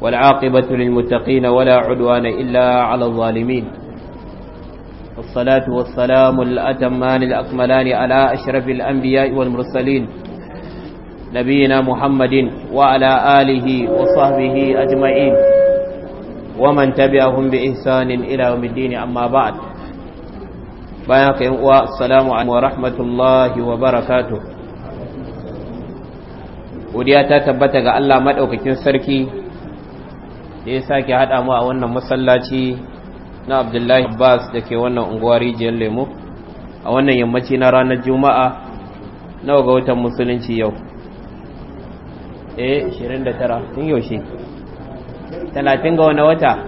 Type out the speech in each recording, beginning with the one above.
والعاقبة للمتقين ولا عدوان إلا على الظالمين والصلاة والسلام الأتمان الأكملان على أشرف الأنبياء والمرسلين نبينا محمد وعلى آله وصحبه أجمعين ومن تبعهم بإحسان إلى يوم الدين أما بعد بياك والسلام عليكم ورحمة الله وبركاته وديا ta tabbata ga Allah madaukakin sarki da ya sake haɗa mu a wannan masallaci na abdullahi abbas da ke wannan unguwar rijiyar lemo a wannan yammaci na ranar juma'a nawa ga watan musulunci yau eh 29 tun yaushe 30 ga wani wata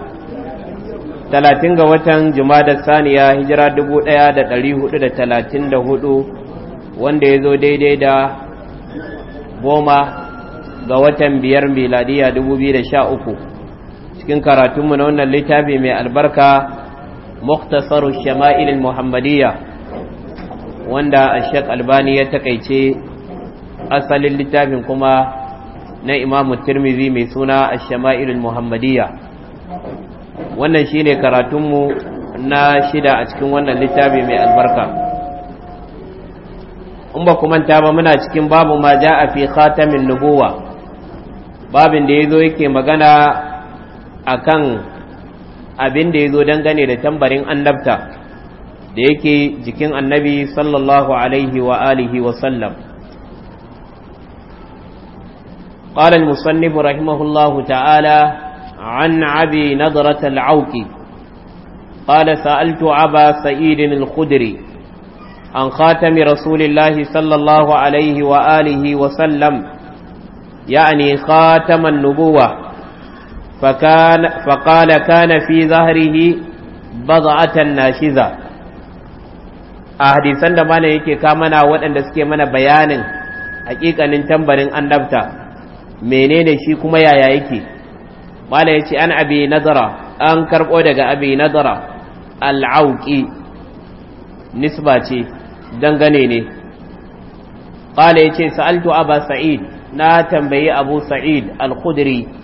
30 ga watan jumada saniya hijira 1434 wanda ya zo daidai da goma ga watan biyar miladiya 2013 cikin karatunmu na wannan littafi mai albarka muktasaru shama'ilin muhammadiyya wanda ashek albani ya takaice asalin littafin kuma na imamu tirmizi mai suna shama'ilin muhammadiyya wannan shine karatunmu na shida a cikin wannan littafi mai albarka in ba manta ba muna cikin babu ma ja a fi khatamin nubuwa babin da ya zo yake magana akan abin da ya zo dangane da tambarin annabta da yake jikin annabi sallallahu alaihi wa alihi wa sallam قال المصنف رحمه الله تعالى عن عبي نظرة العوكي قال سألت عبا سعيد الخدري عن خاتم رسول الله صلى الله عليه وآله وسلم يعني خاتم النبوة فكان فقال كان في ظهره بضعه ناشزة أحدثان da mana yake ka mana waɗanda suke mana bayanin hakikanin tambarin annabta menene shi kuma yaya yake mala yace an abi nazara an karɓo daga abi nazara al'auqi nisba ce dangane ne qala yace sa'altu aba sa'id na tambayi abu sa'id al-khudri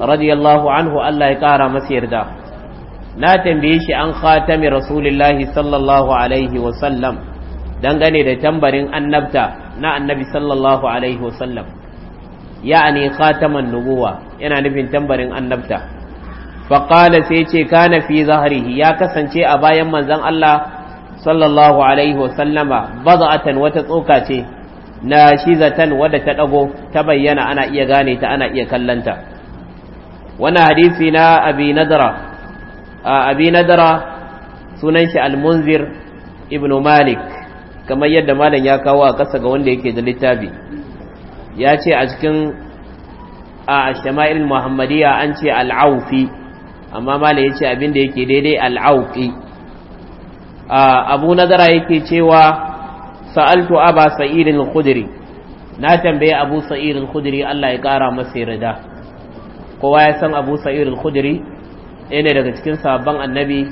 radiyallahu anhu Allah ya kara masa yarda na tambaye shi an khatami rasulullahi sallallahu alaihi wa sallam dangane da tambarin annabta na annabi sallallahu alaihi wa sallam ya'ani khataman nubuwa yana nufin tambarin annabta faqala sai ce kana fi zahrihi ya kasance a bayan manzon Allah sallallahu alaihi wa sallama bad'atan wata tsoka ce na shizatan wadda ta dago ta bayyana ana iya gane ta ana iya kallanta wannan hadisi na abi nadara abi nadara sunan shi almunzir ibn malik kamar yadda malam ya kawo a kasa ga wanda yake da littafi ya ce a cikin a shama'il muhammadiyya an ce al'aufi amma malam ya ce abinda yake daidai al'auki abu nadara yake cewa sa'altu aba sa'irin khudri na tambaye abu sa'irin khudri Allah ya kara masa yarda kowa ya san abu sa'ir al-khudri ne daga cikin sabon annabi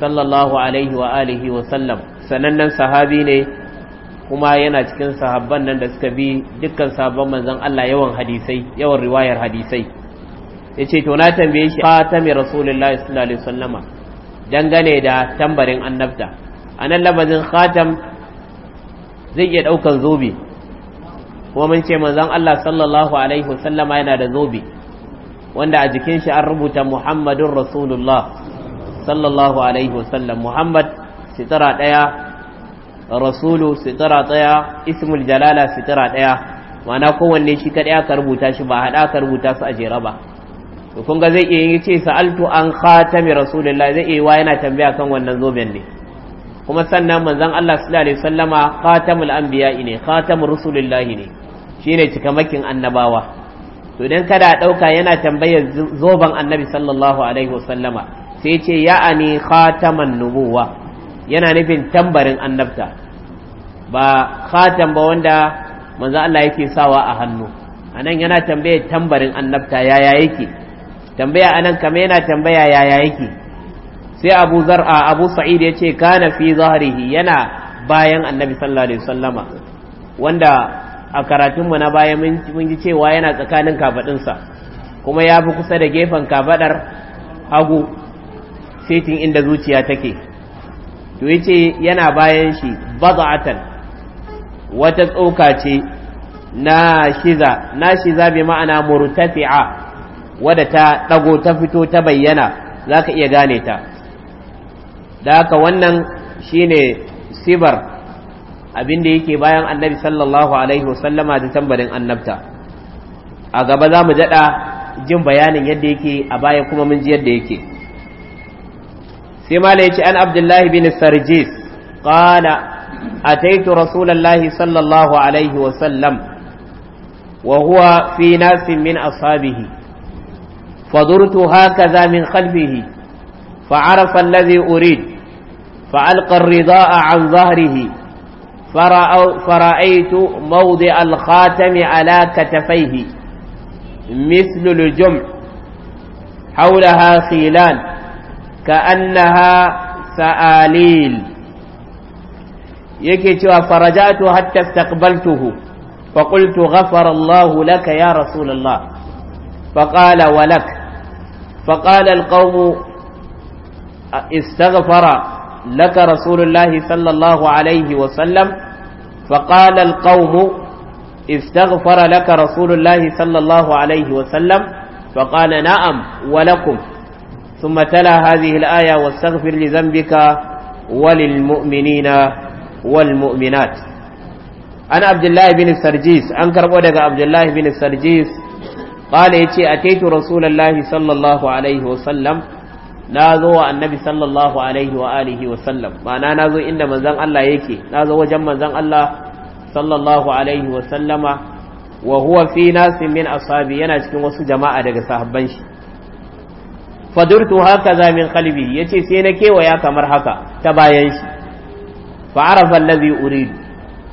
sallallahu alaihi wa alihi wa sallam sanannen sahabi ne kuma yana cikin sahabban nan da suka bi dukkan sabon manzon Allah yawan hadisai yawan riwayar hadisai yace to na tambaye shi khatami rasulullahi sallallahu alaihi wasallama dangane da tambarin annabta anan labazin khatam zai iya daukan zobe kuma mun ce manzon Allah sallallahu alaihi wasallama yana da zobe wanda a jikin shi an rubuta muhammadun rasulullah sallallahu alaihi wasallam muhammad sitara ɗaya rasulu sitara ɗaya ismul jalala sitara ɗaya mana kowanne shi kaɗai aka rubuta shi ba haɗa aka rubuta su a jera ba to kun ga zai iya yi ce sa'altu an khatami rasulullah zai iya wa yana tambaya kan wannan zoben ne kuma sannan manzon Allah sallallahu alaihi wasallama khatamul anbiya ne khatamur rusulillahi ne shine cikamakin annabawa to idan kada ɗauka yana tambayar zoben annabi sallallahu alaihi wasallama sai ce ya'ani khataman nubuwa yana nufin tambarin annabta ba khatam ba wanda manzo Allah yake sawa a hannu anan yana tambayar tambarin annabta yaya yake tambaya anan kamar yana tambaya yaya yake sai Abu Zar'a Abu Sa'id yace kana fi zahrihi yana bayan annabi sallallahu alaihi wasallama wanda a karatunmu na baya mun ji cewa yana tsakanin kabaɗunsa, kuma ya fi kusa da gefen kafadar hagu setin inda zuciya take to yace yana bayan shi bad'atan wata tsoka ce na shiza na shiza bi ma'ana murtafi'a wadda ta dago ta fito ta bayyana zaka iya gane ta da haka wannan shine sibar abin da yake bayan annabi sallallahu alaihi wasallama da tambarin annabta a gaba za mu daɗa jin bayanin yadda yake a baya kuma mun ji yadda yake sai mala ya ce an abdullahi bin sarjis ƙala ataitu rasulallahi sallallahu alaihi wasallam wa huwa fi nasin min ashabihi fadurtu hakaza min khalfihi fa'arafa alladhi urid fa'alqa ar-rida'a an zahrihi فرأيت موضع الخاتم على كتفيه مثل الجمع حولها خيلان كأنها سآليل yake cewa farajatu hatta istaqbaltuhu fa qultu ghafara Allah laka ya Rasulullah fa qala wa lak لك رسول الله صلى الله عليه وسلم فقال القوم استغفر لك رسول الله صلى الله عليه وسلم فقال نعم ولكم ثم تلا هذه الآية واستغفر لذنبك وللمؤمنين والمؤمنات أنا عبد الله بن السرجيس أنكر بودك عبد الله بن السرجيس قال يتي أتيت رسول الله صلى الله عليه وسلم na zo wa annabi sallallahu alaihi wa alihi wa sallam ma'ana na zo inda manzon Allah yake na zo wajen manzon Allah sallallahu alaihi wa sallama wa huwa fi nasin min ashabi yana cikin wasu jama'a daga sahabban shi fadurtu hakaza min qalbi yace sai na kewaya kamar haka ta bayan shi fa arafa allazi uridu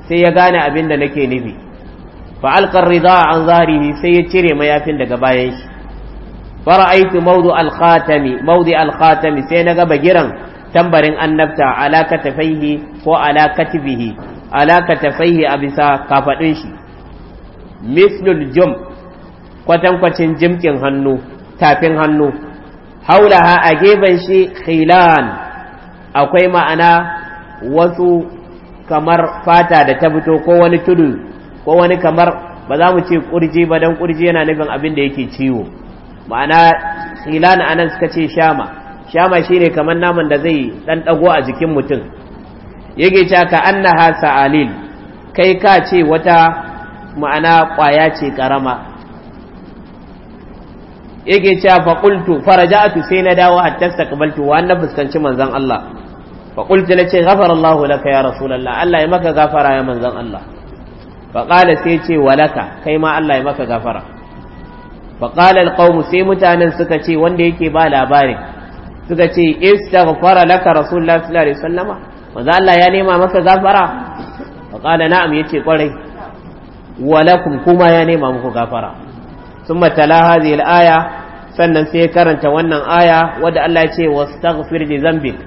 sai ya gane abin da nake nufi fa alqa rida an zahrihi sai ya cire mayafin daga bayan shi fara'aitu mawdu al-khatami sai na khatami sai naga bagiran tambarin annabta ala katafaihi ko ala katibihi ala a bisa kafadin shi mislul kwatankwacin jimkin hannu tafin hannu haulaha a gefen shi khilan akwai ma'ana wasu kamar fata da ta fito ko wani tudu ko wani kamar ba za mu ce ƙurji ba don ƙurji yana nufin abin da yake ciwo ma'ana khilan anan suka ce shama shama shine kamar naman da zai dan dago a jikin mutum yake cewa ka annaha sa'alil kai ka ce wata ma'ana kwaya ce karama yake cewa fa qultu faraja'tu sai na dawo hatta stakbaltu wa na fuskanci manzon Allah fa qultu ce ghafara Allah laka ya rasulullah Allah ya maka gafara ya manzon Allah fa qala sai ce walaka kai ma Allah ya maka gafara فقال القوم sai mutanen suka ce wanda yake ba labarin suka ce istaghfara laka rasulullah sallallahu alaihi wasallama manzo Allah ya nema maka gafara faqala na'am yace kwarai walakum kuma ya nema muku gafara summa tala hadhihi al-aya sannan sai karanta wannan aya wanda Allah ya ce wastaghfir li dhanbik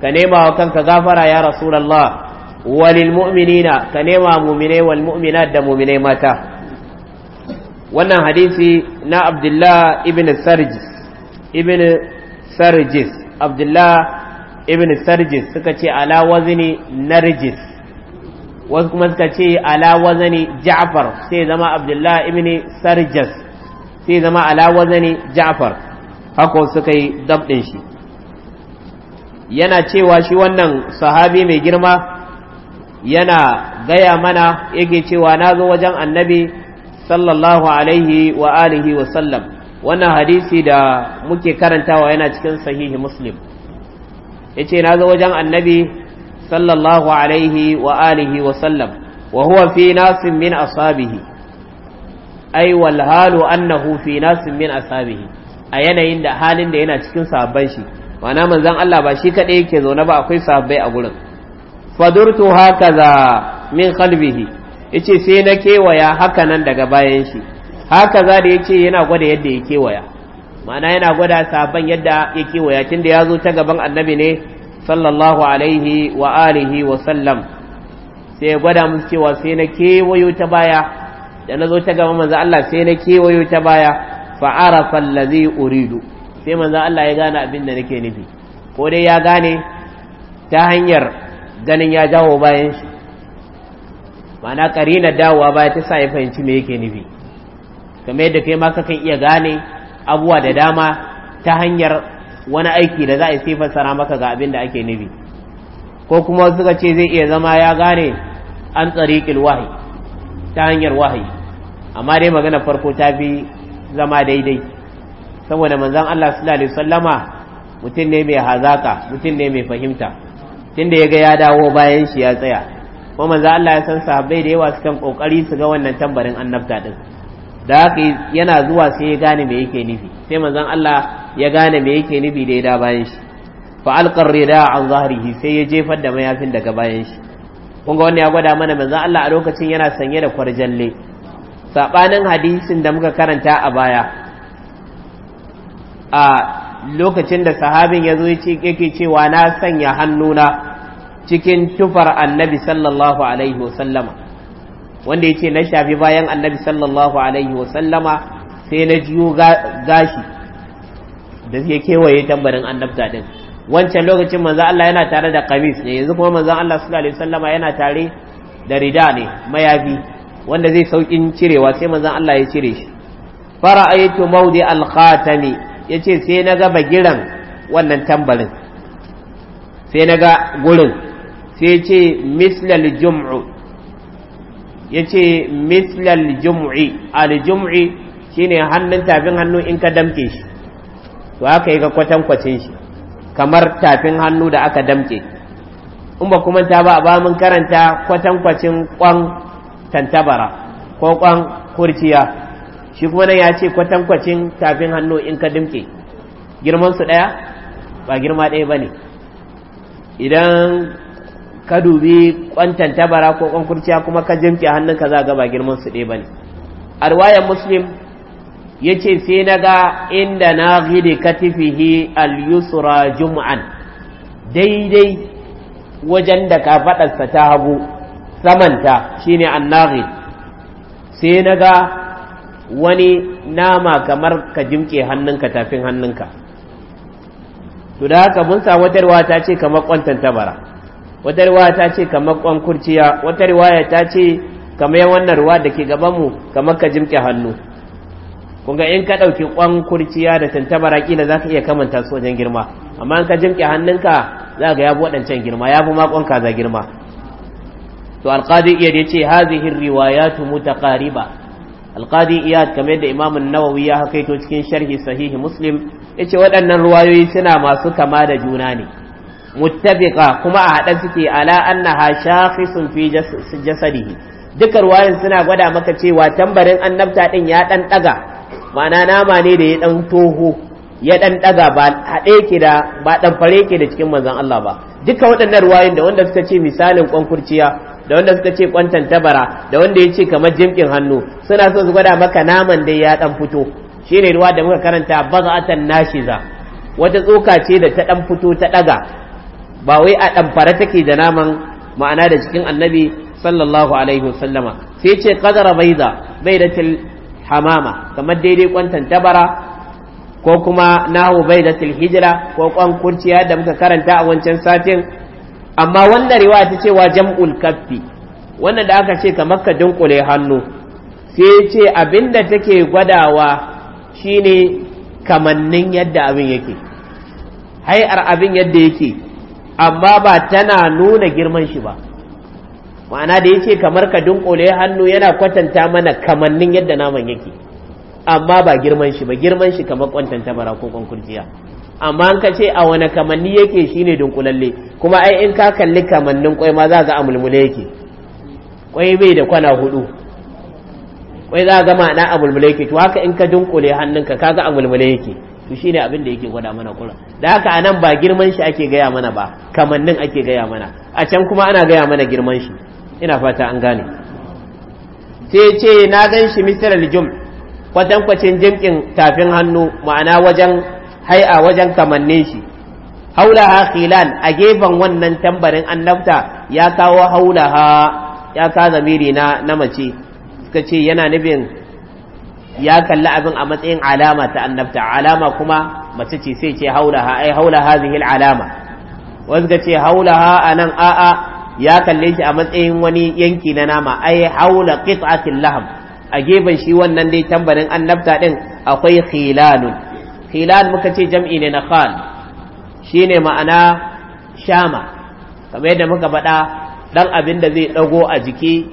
ka nema wa kanka gafara ya rasulullah walil mu'minina ka nema mu'mine wal mu'minat da mu'mine mata wannan hadisi na abdullah ibn sarjis ibn sarjis abdullah ibn sarjis suka ce ala wazini narjis wasu kuma suka ce ala wazani ja'far sai zama abdullah ibn Sarjis sai zama ala wazani ja'far haka suka yi dabdin shi yana cewa shi wannan sahabi mai girma yana gaya mana yake cewa na zo wajen annabi sallallahu alaihi wa alihi wa sallam wannan hadisi da muke karantawa yana cikin sahihi muslim yace na zo wajen annabi sallallahu alaihi wa alihi wa sallam wa huwa fi nasin min ashabihi ai wal halu annahu fi nasin min ashabihi a yanayin da halin da yana cikin sahabban shi ma'ana manzon Allah ba shi kadai yake zaune ba akwai sahabbai a gurin fadurtu hakaza min qalbihi yace sai na kewaya haka nan daga bayan shi haka za da yace yana gwada yadda ya kewaya ma'ana yana gwada saban yadda ya kewaya tunda ya zo ta gaban annabi ne sallallahu alaihi wa alihi wa sallam sai ya gwada musu cewa sai na kewayo ta baya da na zo ta gaban manzo Allah sai na kewayo ta baya fa arafa allazi uridu sai manzo Allah ya gane abin da nake nufi ko dai ya gane ta hanyar ganin ya jawo bayan shi mana karina dawowa baya ta sa ya fahimci me yake nufi kamar yadda kai ma kakan iya gane abuwa da dama ta hanyar wani aiki da za a sai fassara maka ga abin da ake nufi ko kuma suka ce zai iya zama ya gane an tsariƙil wahayi ta hanyar wahayi amma dai magana farko ta fi zama daidai saboda manzan Allah sallallahu alaihi wasallama mutum ne mai hazaka mutum ne mai fahimta tunda ya ga ya dawo bayan shi ya tsaya ko manzo Allah ya san sahabbai da yawa kan kokari su ga wannan tambarin annabta din da haka yana zuwa sai ya gane me yake nufi sai manzon Allah ya gane me yake nufi da ya da bayan shi fa alqar rida an zahrihi sai ya jefar da mayafin daga bayan shi kun ga wannan ya gwada mana manzon Allah a lokacin yana sanye da kwarjalle sabanin hadisin da muka karanta a baya a lokacin da sahabin ya zo yake cewa na sanya hannuna cikin tufar annabi sallallahu alaihi wasallama wanda ya ce na shafi bayan annabi sallallahu alaihi wasallama sai na jiyo gashi da suke kewaye tambarin annabta din wancan lokacin manzan Allah yana tare da kamis ne yanzu kuma manzan Allah sallallahu alaihi wasallama yana tare da rida ne mayafi wanda zai saukin cirewa sai manzan Allah ya cire shi fara'aytu maudi al-khatami yace sai na ga bagiran wannan tambarin sai na ga gurin sai ce mislal jum'u ya ce mislal jum'i al shi shine hannun tafin hannu in ka damke shi to aka yi ga kwatankwacin shi kamar tafin hannu da aka damke in ba kuma ta ba ba mun karanta kwatankwacin kwan tantabara ko kwan kurciya shi kuma nan ya ce kwatankwacin tafin hannu in ka damke girman su ɗaya ba girma ɗaya ba ne idan ka dubi kwantan tabara ko kwankurciya kuma ka jimke hannunka za ga ba girman su ɗaya bane arwayan muslim ce sai na ga inda na ka katifihi al-yusra juma'an daidai wajen da ka faɗarsa ta hagu samanta shine annaghid sai na ga wani nama kamar ka jimke hannunka tafin hannunka to da haka mun samu tarwa ta ce kamar kwantan tabara wata riwaya ta ce kamar ƙwan kurciya wata riwaya ta ce kamar wannan ruwa da ke gabanmu kamar ka jimke hannu kunga in ka ɗauki ƙwan kurciya da tantabara ƙila za ka iya kamanta su wajen girma amma in ka jimke hannunka za ka ya waɗancan girma ya fi makon kaza girma to alƙadi iya da ce hazihin riwayatu ƙariba alƙadi iya kamar da imamun nawawi ya hakaito cikin sharhi sahihi muslim ya ce waɗannan ruwayoyi suna masu kama da juna ne muttabiqa kuma a hada suke ala annaha shakhisun fi jasadihi duka ruwayan suna gwada maka cewa tambarin annabta din ya dan daga ma'ana nama ne da ya dan toho ya dan daga ba haɗe ke da ba dan fare ke da cikin manzon Allah ba duka waɗannan ruwayoyin da wanda suka ce misalin kwankurciya da wanda suka ce kwantan tabara da wanda ya ce kamar jimkin hannu suna so su gwada maka naman da ya dan fito shine ruwa da muka karanta bazatan nashiza wata tsoka ce da ta dan fito ta daga ba wai a ɗamfare take da naman ma'ana da cikin annabi sallallahu alaihi wasallama sai ce kadara baiza da hamama kamar daidai kwantan tabara ko kuma nahu bai da hijira ko kwan kurciya da muka karanta a wancan satin amma wannan riwaya ta ce wa jam'ul kaffi wannan da aka ce kamar ka dunkule hannu sai ce abinda take gwadawa shine kamannin yadda abin yake hai'ar abin yadda yake amma ba tana nuna girman shi ba ma'ana da yace kamar ka dunkule hannu yana kwatanta mana kamannin yadda naman yake amma ba girman shi ba girman shi kamar kwantanta bara ko kwankurjiya amma an kace a wani kamanni yake shine dunkulalle kuma ai in ka kalli kamannin kwai ma za ga a mulmule yake kwai bai da kwana hudu kwai za ga ma'ana a mulmule yake to haka in ka dunkule hannunka kaga a mulmule yake to ne abin da yake gwada mana ƙura da haka anan ba girman shi ake gaya mana ba kamannin ake gaya mana a can kuma ana gaya mana girman shi ina fata an gane sai ce na gan shi misir aljum kwatankwacin jimkin tafin hannu ma'ana wajen hai'a wajen kamannin shi Haula ha khilan a gefen wannan tambarin annabta ya kawo haula ha ya ka zamiri na na mace suka ce yana nufin ya kalli abin a matsayin alama ta annabta alama kuma mace ce sai ce haulaha ai haulaha zihil alama wasu ga ce haulaha a nan a'a ya kalle shi a matsayin wani yanki na nama ai haula qit'atil laham a gefen shi wannan dai tambarin annabta din akwai khilalun khilal muka ce jam'i ne na khal shine ma'ana shama kamar yadda muka faɗa dan abin da zai dago a jiki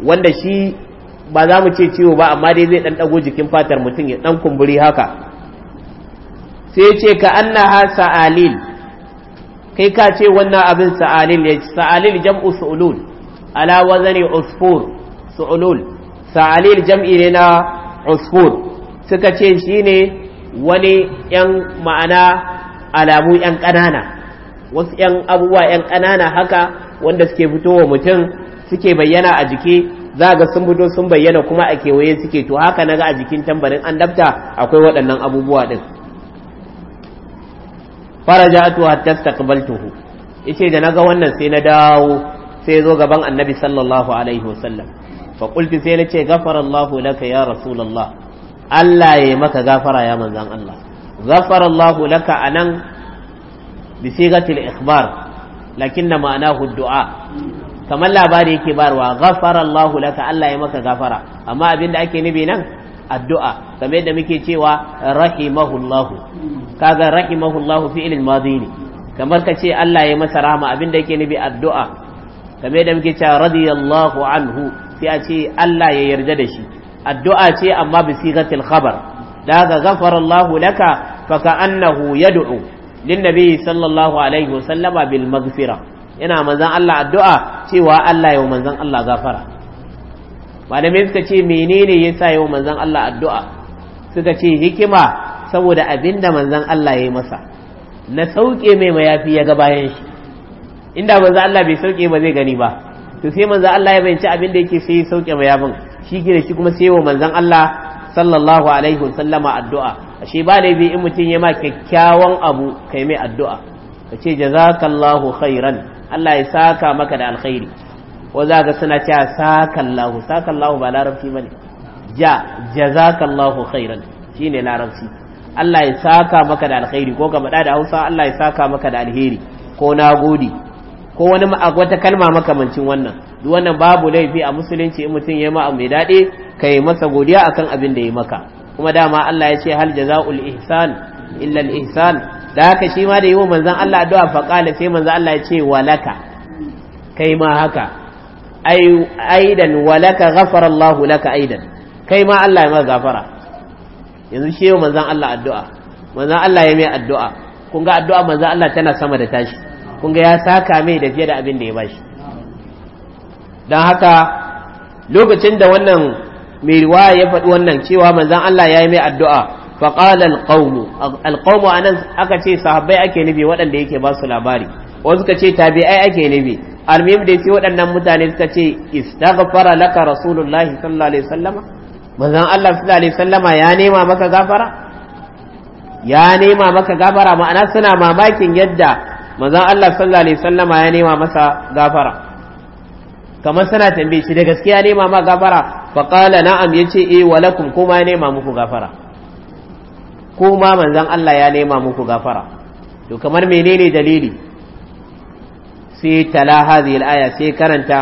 wanda shi ba za mu ce ciwo ba amma dai zai dan dago jikin fatar mutum ya dan kumburi haka sai ce ka annaha sa'alil kai ka ce wannan abin sa'alil ya sa'alil jam'u su'ulul ala wazani usfur su'ulul sa'alil jam'i ne na usfur suka ce shine wani yan ma'ana alamu yan ƙanana wasu yan abubuwa yan ƙanana haka wanda suke fitowa mutum suke bayyana a jiki za ga sun fito sun bayyana kuma a kewaye suke to haka na ga a jikin tambarin an dabta akwai waɗannan abubuwa ɗin farajatu hatta taqbaltuhu yace da na ga wannan sai na dawo sai zo gaban annabi sallallahu alaihi wasallam fa kulti sai na gafara Allah laka ya rasulullah Allah ya yi maka gafara ya manzan Allah gafara Allah laka anan bi sigatil ikhbar lakinna ma'anahu du'a kamar labari yake barwa ghafara Allahu laka Allah ya maka gafara amma abin da ake nubi nan addu'a kamar yadda muke cewa rahimahullahu kaga rahimahullahu fi'il madi ne kamar ka ce Allah ya masa rahama abin da yake nubi addu'a kamar yadda muke cewa radiyallahu anhu sai a ce Allah ya yarda da shi addu'a ce amma bi sigatil khabar daga ghafara Allahu laka fa ka'annahu yad'u lin nabi sallallahu alaihi wasallama bil maghfirah yana manzan Allah addu'a cewa Allah yau manzan Allah gafara malamai suka ce menene ya sa yau manzan Allah addu'a suka ce hikima saboda abin da manzan Allah ya yi masa na sauke mai mayafi ya ga bayan shi inda manzan Allah bai sauke ba zai gani ba to sai manzan Allah ya bayanci abin da yake sai ya sauke mayafin shi gina shi kuma sai wa manzan Allah sallallahu alaihi wasallama addu'a ashe ba laifi in mutum ya ma kyakkyawan abu kai mai addu'a ka ce jazakallahu khairan Allah ya saka maka da alkhairi wa za ka suna cewa sakallahu sakallahu ba larabci bane ja jazakallahu khairan shine larabci Allah ya saka maka da alkhairi ko ka da Hausa Allah ya saka maka da alheri ko nagode ko wani wata kalma makamancin wannan duk wannan babu laifi a musulunci in mutum ya yi abu mai ka yi masa godiya akan abin da ya maka kuma dama Allah ya ce hal jazaul ihsan illa al ihsan da haka shi ma da yi wa manzan Allah addu'a faƙala sai manzan Allah ya ce walaka kai ma haka aidan walaka ghafara Allah laka aidan kai ma Allah ya ma gafara yanzu shi wa manzan Allah addu'a manzan Allah ya mai addu'a kun ga addu'a manzan Allah tana sama da tashi kun ga ya saka mai da fiye da abin da ya bashi don haka lokacin da wannan mai riwaya ya faɗi wannan cewa manzan Allah ya yi mai addu'a فقال القوم القوم anan aka ce sahabbai ake nufi waɗanda yake ba su labari wasu suka ce tabi'ai ake nabi almim da sai waɗannan mutane suka ce istaghfara laka rasulullahi sallallahu alaihi wasallama manzon Allah sallallahu alaihi wasallama ya nema maka gafara ya nema maka gafara ma'ana suna mamakin yadda manzon Allah sallallahu alaihi wasallama ya nema masa gafara kamar suna tambaye shi da gaskiya nema ma gafara faqala na'am yace eh walakum kuma ya nema muku gafara ko ma manzan Allah ya nema muku gafara to kamar menene dalili sai tala hadhihi al sai karanta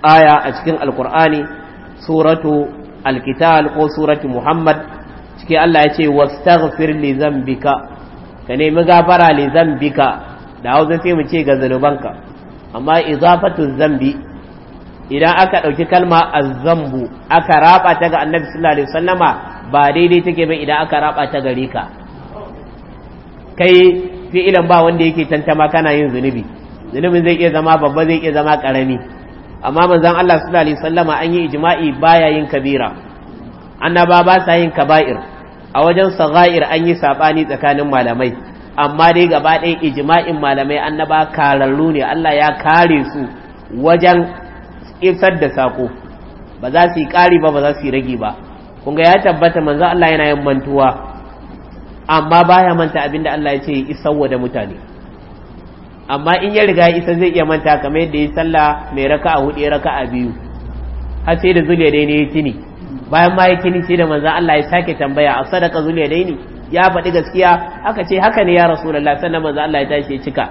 aya a cikin alkur'ani suratu alkitab ko suratu muhammad cikin Allah ya ce wastaghfir li zambika ka nemi gafara li zambika da hausa sai mu ce ga zanubanka amma izafatu zambi idan aka ɗauki kalma a zambu aka raba ta ga annabi sallallahu alaihi wasallama ba daidai take ba idan aka raba ta gare ka kai fi'ilan ba wanda yake tantama kana yin zunubi zunubin zai iya zama babba zai iya zama karami amma manzon Allah sallallahu alaihi wasallama an yi ijma'i baya yin kabira annaba ba sa yin kaba'ir a wajen sagha'ir an yi sabani tsakanin malamai amma dai gaba ɗaya ijma'in malamai annaba kararru ne Allah ya kare su wajen isar da sako ba za su yi ƙari ba ba za su yi rage ba kunga ya tabbata manzo Allah yana yin mantuwa amma baya manta abinda Allah ya ce ya da mutane amma in ya riga isa zai iya manta kamar yadda ya sallah mai raka a hudu raka a biyu har sai da zuliya dai ne ya kini bayan ma ya kini sai da manzo Allah ya sake tambaya a sadaka zuliya dai ne ya faɗi gaskiya aka ce haka ne ya rasulullah sannan manzo Allah ya tashi ya cika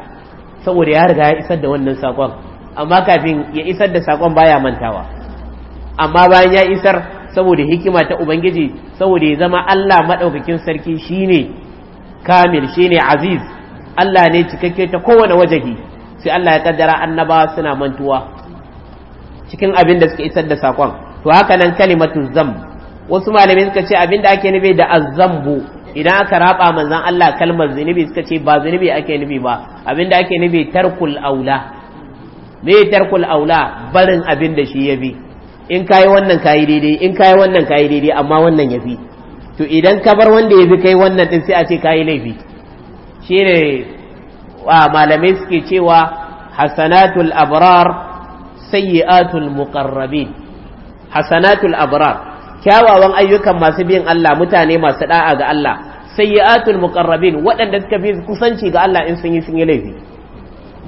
saboda ya riga ya isar da wannan sakon amma kafin ya isar da sakon baya mantawa amma bayan ya isar saboda hikima ta ubangiji saboda ya zama Allah maɗaukakin sarki shine kamil shine aziz Allah ne cikakke ta kowane wajahi sai Allah ya kaddara annaba suna mantuwa cikin abin da suka isar da sakon to haka nan kalimatu zam wasu malamai suka ce abin da ake nufi da azzambu idan aka raba manzan Allah kalmar zunubi suka ce ba zunubi ake nufi ba abin da ake nufi tarkul aula Metarkul tarkul aula barin abin da shi bi in kayi wannan kayi daidai in kayi wannan kayi daidai amma wannan fi to idan ka bar wanda ya bi kai wannan din sai a ce kayi laifi shine wa malamai suke cewa hasanatul abrar sayyi'atul muqarrabin hasanatul abrar kyawawan ayyukan masu bin Allah mutane masu da'a ga Allah sayyi'atul muqarrabin waɗanda suka fi kusanci ga Allah in sun yi sun yi laifi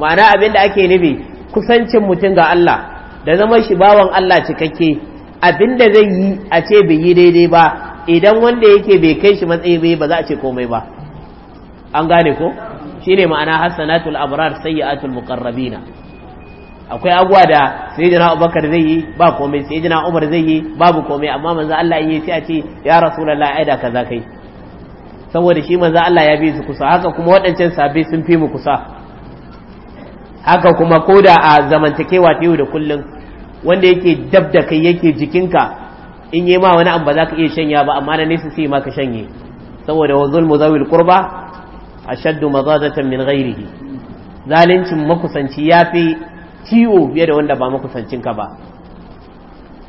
ma'ana abin da ake nufi kusancin mutum ga Allah da zama shi bawan Allah cikakke abinda zai yi a ce bai yi daidai ba idan wanda yake bai kai shi matsayi bai ba za a ce komai ba an gane ko Shi ne ma'ana hassanatul abrar sayyi'atul muqarrabina akwai abuwa da sayyidina Abubakar zai yi ba komai sayyidina Umar zai yi babu komai amma manza Allah in yi sai a ce ya rasulullahi aida kaza kai saboda shi manza Allah ya bi su kusa haka kuma waɗancan sabai sun fi mu kusa haka kuma ko da a zamantakewa ta yau da kullum wanda yake dab da kai yake jikinka in yi ma wani abu ba za ka iya shanya ba amma na nesa sai ma ka shanye saboda wa zulmu zawil qurba ashaddu mazadatan min ghairihi zalincin makusanci yafi ciwo fiye da wanda ba makusancinka ba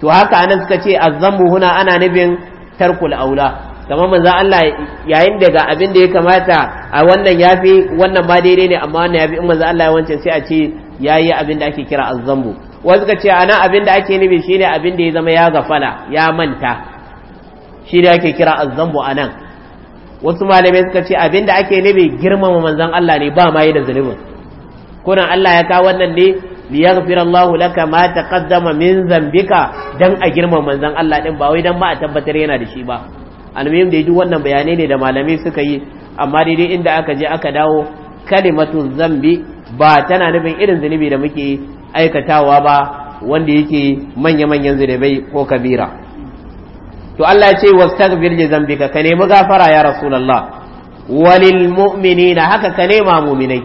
to haka anan suka ce azzamu huna ana nabin tarkul aula kamar manzan Allah yayin daga abin da ya kamata a wannan ya fi wannan ma daidai ne amma wannan ya fi in manzan Allah ya wancan sai a ce ya yi abin da ake kira azzambu wasu ka ce ana abin da ake nufi shine abin da ya zama ya gafala ya manta shi ne ake kira azzambu a nan wasu malamai suka ce abin da ake nufi girmama manzan Allah ne ba ma yi da zunubin kunan Allah ya kawo wannan ne liyaghfira Allahu laka ma taqaddama min zambika dan a girmama manzan Allah din ba wai dan ba a tabbatar yana da shi ba almuhim da duk wannan bayanai ne da malamai suka yi amma daidai inda aka je aka dawo kalimatun zambi ba tana nufin irin zunubi da muke aikatawa ba wanda yake manya-manyan zunubai ko kabira to Allah ce wastaghfir li zambika ka nemi gafara ya rasulullah walil mu'minina haka ka nema mu'minai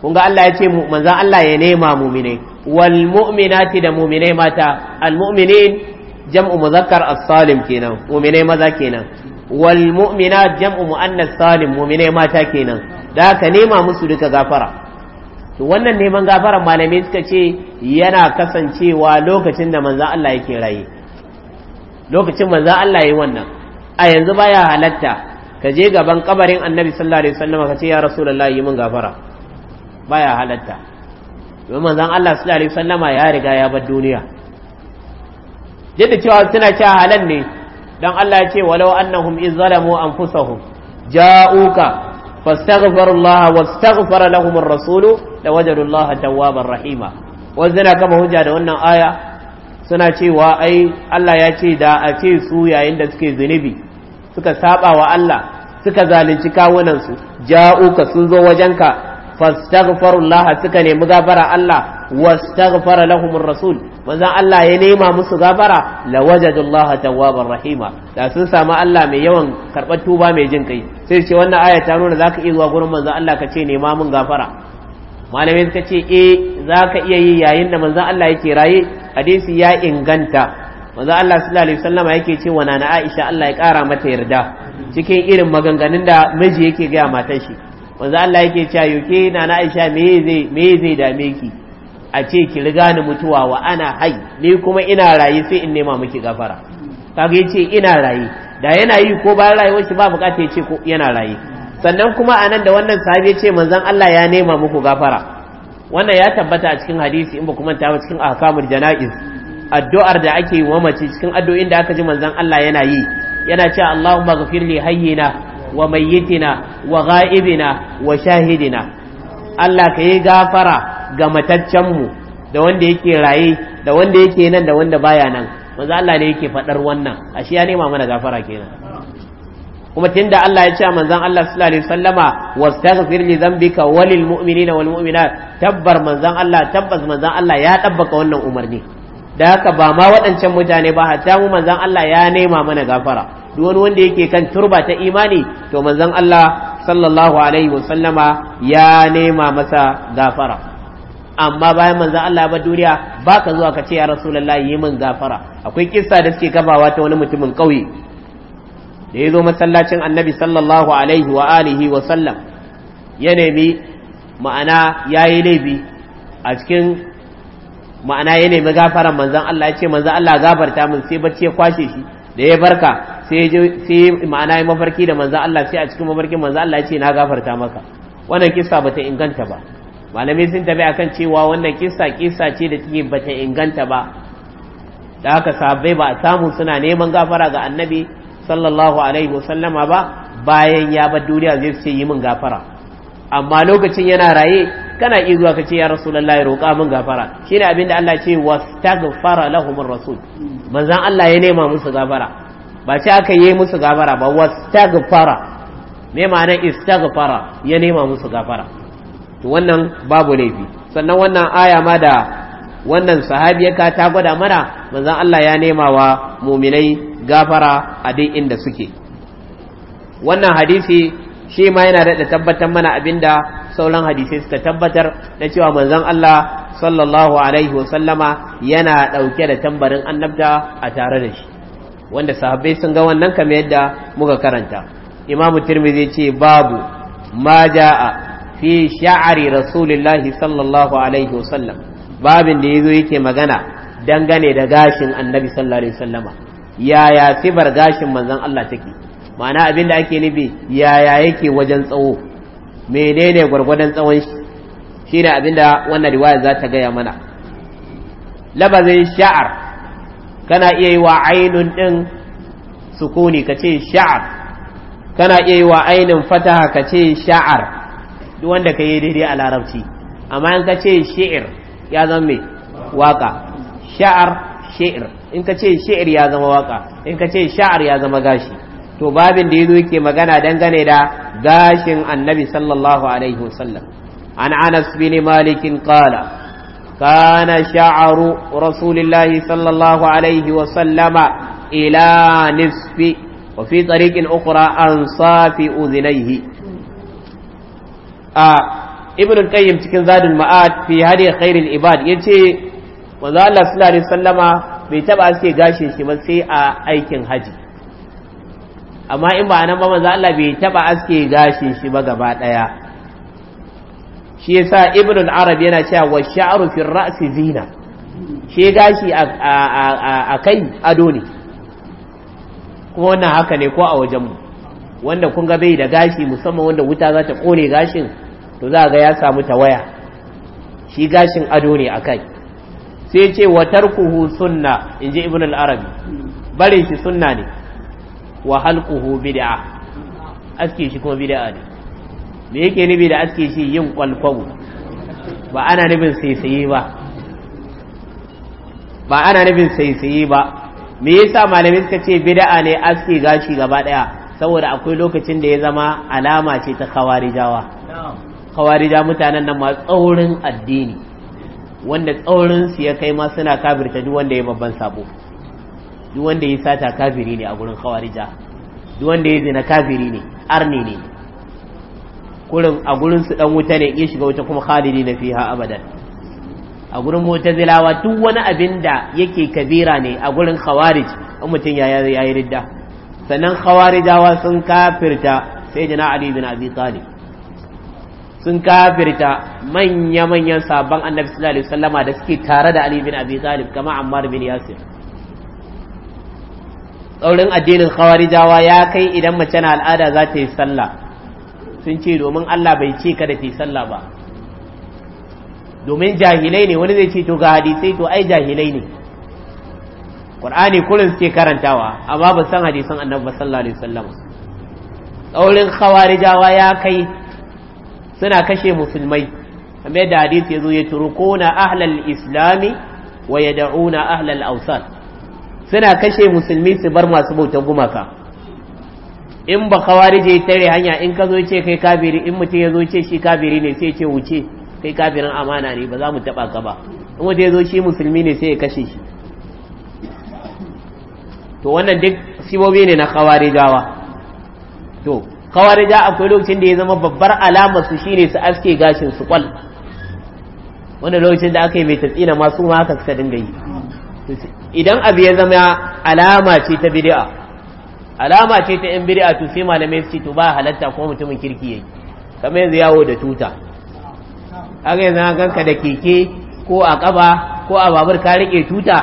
kun ga Allah ya ce manzan Allah ya nema mu'minai wal mu'minati da mu'minai mata al mu'minin jam'u muzakkar as-salim kenan mu'minai maza kenan wal mu'minat jam'u mu'annas salim mu'minai mata kenan da haka nema musu duka gafara to wannan neman gafara, malamai suka ce yana kasancewa lokacin da manzon Allah yake raye lokacin manzon Allah yi wannan a yanzu baya halatta ka je gaban kabarin annabi sallallahu alaihi wasallam ka ce ya rasulullahi yi min gafara baya halatta domin manzan Allah sallallahu alaihi wasallama ya riga ya bar duniya yadda cewa suna cewa halan ne dan Allah ya ce walau annahum an zalamu hu ja'uka fastaghfiru Allah wastaghfara lahum ar-rasul lawajadu Allah tawwabar rahima na kama hujja da wannan aya suna cewa ai Allah ya ce da a ce su yayin da suke zunubi suka saba wa Allah suka zalunci kawunan su ja'uka sun zo wajenka fastaghfirullah suka nemi gafara Allah wastaghfara lahumur rasul manzon Allah ya nema musu gafara la lawajadullaha tawwabar rahima da sun samu Allah mai yawan karbar tuba mai jin kai sai ce wannan aya ta nuna zaka iya zuwa gurin manzon Allah ka ce nema mun gafara malamai suka ce eh zaka iya yi yayin da manzon Allah yake raye hadisi ya inganta manzon Allah sallallahu alaihi wasallama yake ce wa nana Aisha Allah ya kara mata yarda cikin irin maganganun da miji yake ga matar shi manzo Allah yake cewa yuke na na Aisha me zai me dame ki a ce ki riga ni mutuwa wa ana hai ni kuma ina rayi sai in nema miki gafara kaga yace ina rayi da yana yi ko ba rayuwar shi ba bukata yace ko yana rayi sannan kuma anan da wannan sahabi yace manzon Allah ya nema muku gafara wannan ya tabbata a cikin hadisi in ba kuma ta cikin ahkamul janaiz addu'ar da ake yi wa mace cikin addu'o'in da aka ji manzon Allah yana yi yana cewa Allahumma ne hayyina wa mayyitina wa ga'ibina wa shahidina Allah ka yi gafara ga mataccenmu da wanda yake raye da wanda yake nan da wanda baya nan manzo Allah ne yake faɗar wannan ashe ya nema mana gafara kenan kuma tunda Allah ya ce manzan Allah sallallahu alaihi wasallama wastaghfir li dhanbika walil mu'minina wal mu'minat tabbar manzan Allah tabbas manzan Allah ya tabbaka wannan umarni da haka ba ma waɗancan mutane ba hatta mu manzan Allah ya nema mana gafara duk wani wanda yake kan turba ta imani to manzon Allah sallallahu alaihi wasallama ya nema masa gafara amma bayan manzon Allah ba duniya baka zuwa ka ce ya rasulullahi yi min gafara akwai kissa da suke kafawa ta wani mutumin kauye da ya zo masallacin annabi sallallahu alaihi wa alihi wa sallam ya nemi ma'ana ya yi laifi a cikin ma'ana ya nemi gafaran manzan Allah ya ce manzan Allah gafarta min sai bacci ya kwashe shi da ya barka sai ma'ana ya mafarki da manzan Allah sai a cikin mafarkin manzan Allah ce na gafarta maka wannan kissa ta inganta ba malamai sun tafi akan cewa wannan kisa kisa ce da take ta inganta ba da haka sahabbai ba a samu suna neman gafara ga annabi sallallahu alaihi wasallama ba bayan ya bar duniya zai ce yi min gafara amma lokacin yana raye kana iya zuwa ka ce ya rasulullahi roƙa min gafara shine abinda Allah ce wastaghfara lahumur rasul manzan Allah ya nema musu gafara ba ce aka yi musu gafara ba wastaghfara me ma'ana istagfara ya nema musu gafara to wannan babu laifi sannan wannan aya ma da wannan sahabiyaka ta gwada mana manzon Allah ya nema wa muminai gafara a duk inda suke wannan hadisi shi ma yana da tabbatar mana abinda sauran hadisai suka tabbatar na cewa manzon Allah sallallahu alaihi wasallama yana ɗauke da tambarin annabta a tare da shi wanda sahabbai sun ga wannan kamar yadda muka karanta Imam tirmidhi ce babu ma jaa fi sha'ari rasulillahi sallallahu alaihi wasallam babin da yazo yake magana dangane da gashin annabi sallallahu alaihi wasallama yaya sibar gashin manzon Allah take ma'ana abin da ake nufi yaya yake wajen tsawo menene gwargwadon tsawon shi shine abin da wannan riwaya za ta gaya mana labazin sha'ar kana iya yi wa ainihin ɗin sukuni ka ce sha'ar kana iya yi wa ainihin fataha ka ce sha'ar duk wanda ka yi daidai a larabci amma in ka ce shi'ir ya zama mai waka sha'ar shi'ir in ka ce shi'ir ya zama waka in ka ce sha'ar ya zama gashi to babin da zo yake magana dangane da gashin annabi sallallahu alaihi wasallam an anas bin malikin kala كان شعر رسول الله صلى الله عليه وسلم إلى نصف وفي طريق أخرى أنصاف أذنيه آه ibn al cikin zadul ma'ad fi hadi ibad ya ce Allah sallallahu alaihi wasallama bai taba aske gashin shi ba sai a aikin hajji. amma in ba anan ba manzo bai taba aske gashin shi ba gaba ɗaya. shi yasa ibn al-arab yana cewa wa sha'ru fi ra'si zina shi gashi a kai ado ne kuma wannan haka ne ko a wajen mu wanda kun ga bai da gashi musamman wanda wuta za ta kone gashin to za ga ya samu ta waya shi gashin ado ne a kai sai ce wa tarkuhu sunna in ji ibn al arab bare shi sunna ne wa halquhu bid'a aske shi kuma bid'a ne da yake nufi da aske shi yin kwalkwabu ba ana nufin saisaye ba ba ana nufin saisaye ba me yasa malamai suka ce bid'a ne aske gashi gaba daya saboda akwai lokacin da ya zama alama ce ta khawarijawa khawarija mutanen nan ma tsaurin addini wanda tsaurin su ya kai ma suna kafirta duk wanda ya babban sabo duk wanda ya sata kafiri ne a gurin khawarija duk wanda ya zina kafiri ne arni ne kurin a gurin su dan wuta ne ya shiga wuta kuma khalidi na fiha abadan a gurin mu'tazilawa duk wani abin da yake kabira ne a gurin khawarij in mutum ya yayi ridda sannan khawarijawa sun kafirta sai jina ali bin abi talib sun kafirta manya manyan sabon annabi sallallahu alaihi wasallama da suke tare da ali bin abi talib kama ammar bin yasir tsaurin addinin khawarijawa ya kai idan mace na al'ada za ta yi sallah sun ce domin Allah bai ce ka da fi sallah ba domin jahilai ne wani zai ce to ga hadisai to ai jahilai ne ƙur'ani kullum suke karantawa amma ba san hadisan annabi sallah alaihi sallama tsaurin khawarijawa ya kai suna kashe musulmai kamar yadda hadisi zo ya na ahlal islami wa ya na ahlal awsan suna kashe musulmi su bar masu bautan gumaka in ba kawari je tare hanya in ka zo ce kai kabiri in mutum ya zo ce shi kabiri ne sai ce wuce kai kabirin amana ne ba za mu taba ka ba in mutum ya zo shi musulmi ne sai ya kashe shi to wannan duk sibobi ne na kawari jawa to kawari ja akwai lokacin da ya zama babbar alamar su shine su aske gashin su kwal wanda lokacin da aka yi mai tatsina masu ma haka suka dinga yi idan abu ya zama alama ce ta bid'a alama ce ta yan biri a sai malamai su ce to ba halatta ko mutumin kirki yayi kamar yanzu yawo da tuta kaga yanzu an ganka da keke ko a kaba ko a babur ka rike tuta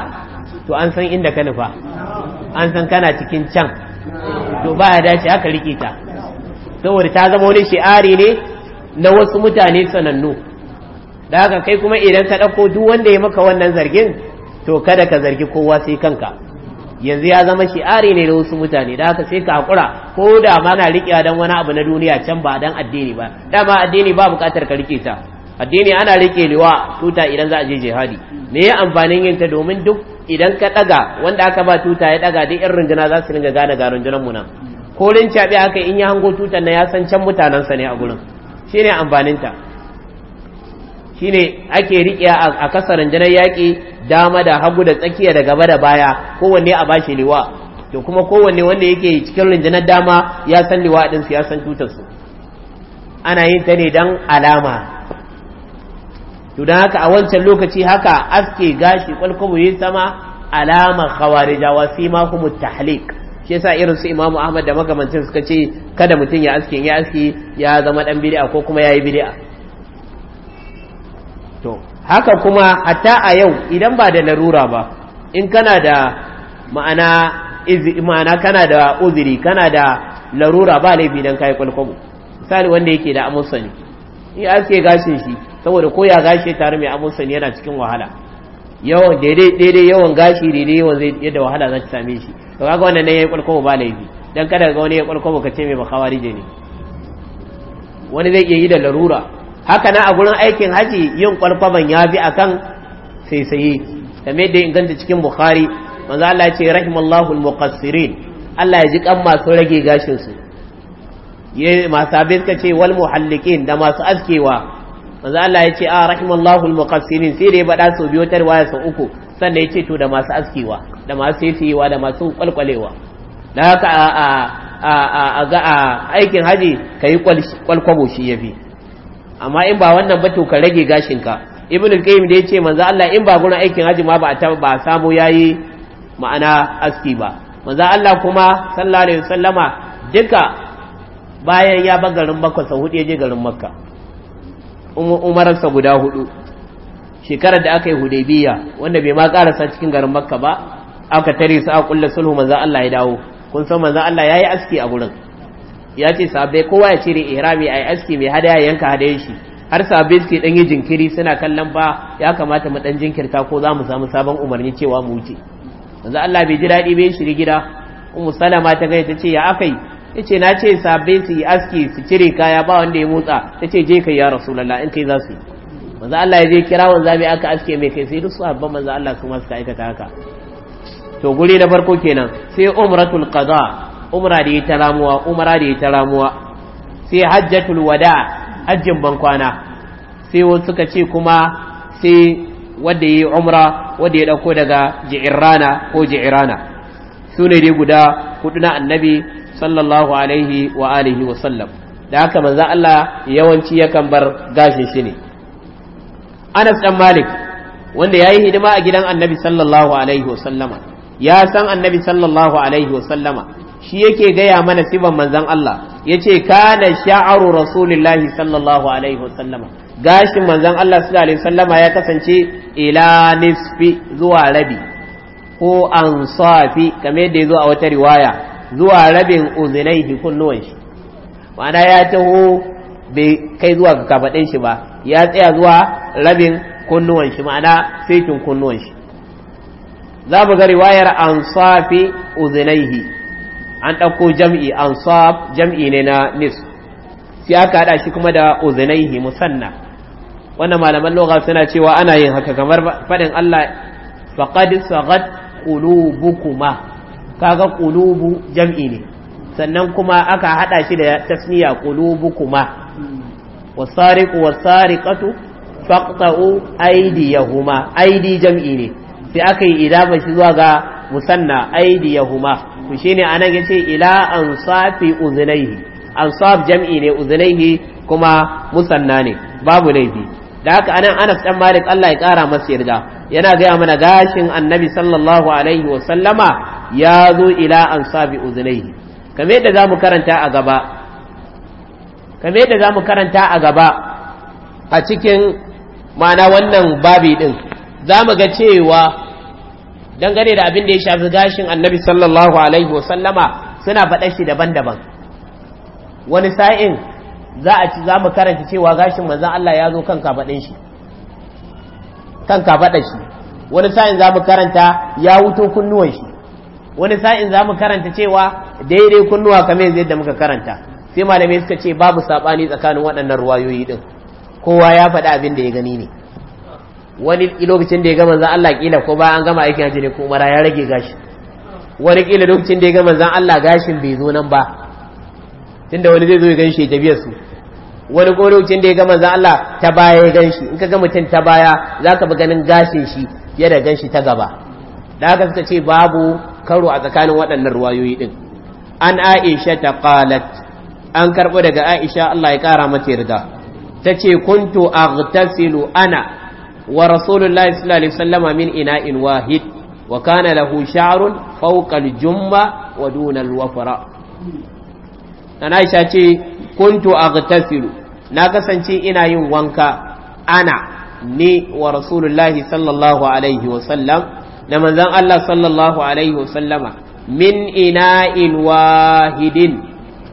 to an san inda ka nufa an san kana cikin can to ba ya dace haka rike ta saboda ta zama wani shi'ari ne na wasu mutane sanannu da haka kai kuma idan ka ɗauko duk wanda ya maka wannan zargin to kada ka zargi kowa sai kanka yanzu ya zama shi'ari ne da wasu mutane da haka sai ka hakura ko da ma na rikewa don wani abu na duniya can ba dan addini ba dama addini ba bukatar ka rike ta addini ana rike wa tuta idan za a je jihadi me ya amfanin yin ta domin duk idan ka ɗaga wanda aka ba tuta ya ɗaga duk 'yan runduna za su ringa gane ga rundunan mu nan ko rin caɓe aka in ya hango tutan na ya san can mutanensa ne a gurin shi shine ta shine ake riƙe a kasa rundunar yaƙi dama da hagu da tsakiya da gaba da baya kowanne a bashi liwa to kuma kowanne wanda yake cikin rundunar dama ya san liwa su ya san tutarsu ana yin ta ne dan alama to don haka a wancan lokaci haka aske gashi kulkubu yin sama alama khawarija sai ma kuma shi yasa irin su imamu ahmad da magamancin suka ce kada mutum ya aske ya aske ya zama dan bid'a ko kuma yayi bid'a to haka kuma hatta a yau idan ba da larura ba in kana da ma'ana ma'ana kana da uzuri kana da larura ba laifi dan kai kulkubu misali wanda yake da amusani in aske gashin shi saboda ko ya gashi tare mai amusani yana cikin wahala yawan daidai daidai yawan gashi daidai yawan zai yadda wahala za ta same shi to kaga wannan ne yayi kulkubu ba laifi dan kada ga wani ya kulkubu ka ce mai bakawari ne wani zai iya yi da larura haka na a gurin aikin haji yin kwalfaban ya bi akan saisaye game da inganta cikin bukhari manzo Allah ya ce rahimallahu almuqassirin Allah ya ji kan masu rage gashin su ya masu abin ka ce wal muhallikin da masu askewa manzo Allah ya ce a rahimallahu almuqassirin sai dai bada su biyo ya su uku sannan ya ce to da masu askewa da masu saisayewa da masu kwalkwalewa da haka a a a a aikin haji ka yi kwalkwabo shi ya fi amma in ba wannan ba to ka rage gashinka ibn al-qayyim da yace manzo Allah in ba gurin aikin haji ma ba ta ba samu yayi ma'ana aski ba manzo Allah kuma sallallahu alaihi wasallama duka bayan ya ba garin Makka sa hudu je garin Makka um, umararsa guda hudu shekarar da aka yi Hudaybiya wanda bai ma karasa cikin garin Makka ba aka tare su a kullu sulhu manzo Allah ya dawo kun san manzo Allah yayi aski a gurin ya ce sabai kowa ya cire ihrami a aski mai hadaya yanka hadayen shi har sabai suke dan yi jinkiri suna kallon ba ya kamata mu dan jinkirta ko za mu samu sabon umarni cewa mu wuce yanzu Allah bai ji daɗi bai shiri gida ummu salama ta gani ta ce ya akai ya ce na ce sabai su yi aski su cire kaya ba wanda ya motsa ta ce je kai ya rasulallah in kai za su yi manzo Allah ya je kira wanza mai aka aske mai kai sai duk sahabban manzo Allah kuma suka aikata haka to guri na farko kenan sai umratul qada umra da ya ta ramuwa umra da ya ta ramuwa sai hajjatul wada hajjin bankwana sai wasu suka ce kuma sai wanda yi umra wanda ya dauko daga ji'irana ko ji'irana su dai guda hudu na annabi sallallahu alaihi wa alihi wa sallam da haka manzo Allah yawanci yakan bar gashin shi ne Anas dan Malik wanda yayi hidima a gidan annabi sallallahu alaihi wa sallama ya san annabi sallallahu alaihi wa sallama shi yake gaya mana siban manzan Allah ya ce kana sha'aru rasulillahi sallallahu alaihi wasallama gashin manzan Allah sallallahu alaihi wasallama ya kasance ila nisfi zuwa rabi ko an safi da yadda ya zo a wata riwaya zuwa rabin uzinaihi kunnuwan shi ma'ana ya taho bai kai zuwa ga kafaɗin shi ba ya tsaya zuwa rabin kunnuwan shi ma'ana saitin kunnuwan shi za mu ga riwayar an safi uzinaihi an ɗauko jam'i sab jam'i ne na nis sai aka haɗa shi kuma da uzunaihi musanna wannan malaman lokacin suna cewa ana yin haka kamar faɗin Allah sagad ƙulubu kuma kaga ƙulubu jam'i ne sannan kuma aka haɗa shi da tasniya kuma. qulubukuma wasariqu wasariqatu faqta'u aydiyahuma aidi jam'i ne sai aka yi idaba shi zuwa ga musanna aidiyahuma to shine anan yace ila ansafi uzunaihi ansaf jam'i ne uzunaihi kuma musanna ne babu laifi da haka anan Anas dan Malik Allah ya kara masa yarda yana gaya mana gashin Annabi sallallahu alaihi wa sallama ya zo ila ansafi uzunaihi kamar yadda zamu karanta a gaba kamar yadda zamu karanta a gaba a cikin ma'ana wannan babi din zamu ga cewa dangane da abin da ya shafi gashin annabi sallallahu alaihi wasallama suna faɗa shi daban-daban wani sa'in za a ci za mu karanta cewa gashin manzon Allah ya zo kan kafaɗin shi kan kafaɗa shi wani sa'in za mu karanta ya wuto kunnuwan shi wani sa'in za mu karanta cewa daidai kunnuwa kamar yanzu yadda muka karanta sai malamai suka ce babu saɓani tsakanin waɗannan ruwayoyi ɗin kowa ya faɗa abin da ya gani ne wani lokacin da ya gama zan Allah kila ko ba an gama aikin hajji ne ko umara ya rage gashi wani kila lokacin da ya gama zan Allah gashin bai zo nan ba tunda wani zai zo ya ganshi jabiyar su wani ko lokacin da ya gama zan Allah ta baya ya ganshi in ka ga mutum ta baya za ka bi ganin gashin shi ya da ganshi ta gaba da haka suka ce babu karo a tsakanin waɗannan ruwayoyi din an Aisha ta qalat an karɓo daga Aisha Allah ya kara mata yarda tace kuntu aghtasilu ana wa rasulullahi sallallahu alaihi wasallama min ina'in wahid wa kana lahu sha'run fawqa al-jumma wa duna al-wafra Aisha ce kuntu aghtasilu na kasance ina yin wanka ana ni wa rasulullahi sallallahu alaihi wasallam da manzon Allah sallallahu alaihi wasallama min ina'in wahidin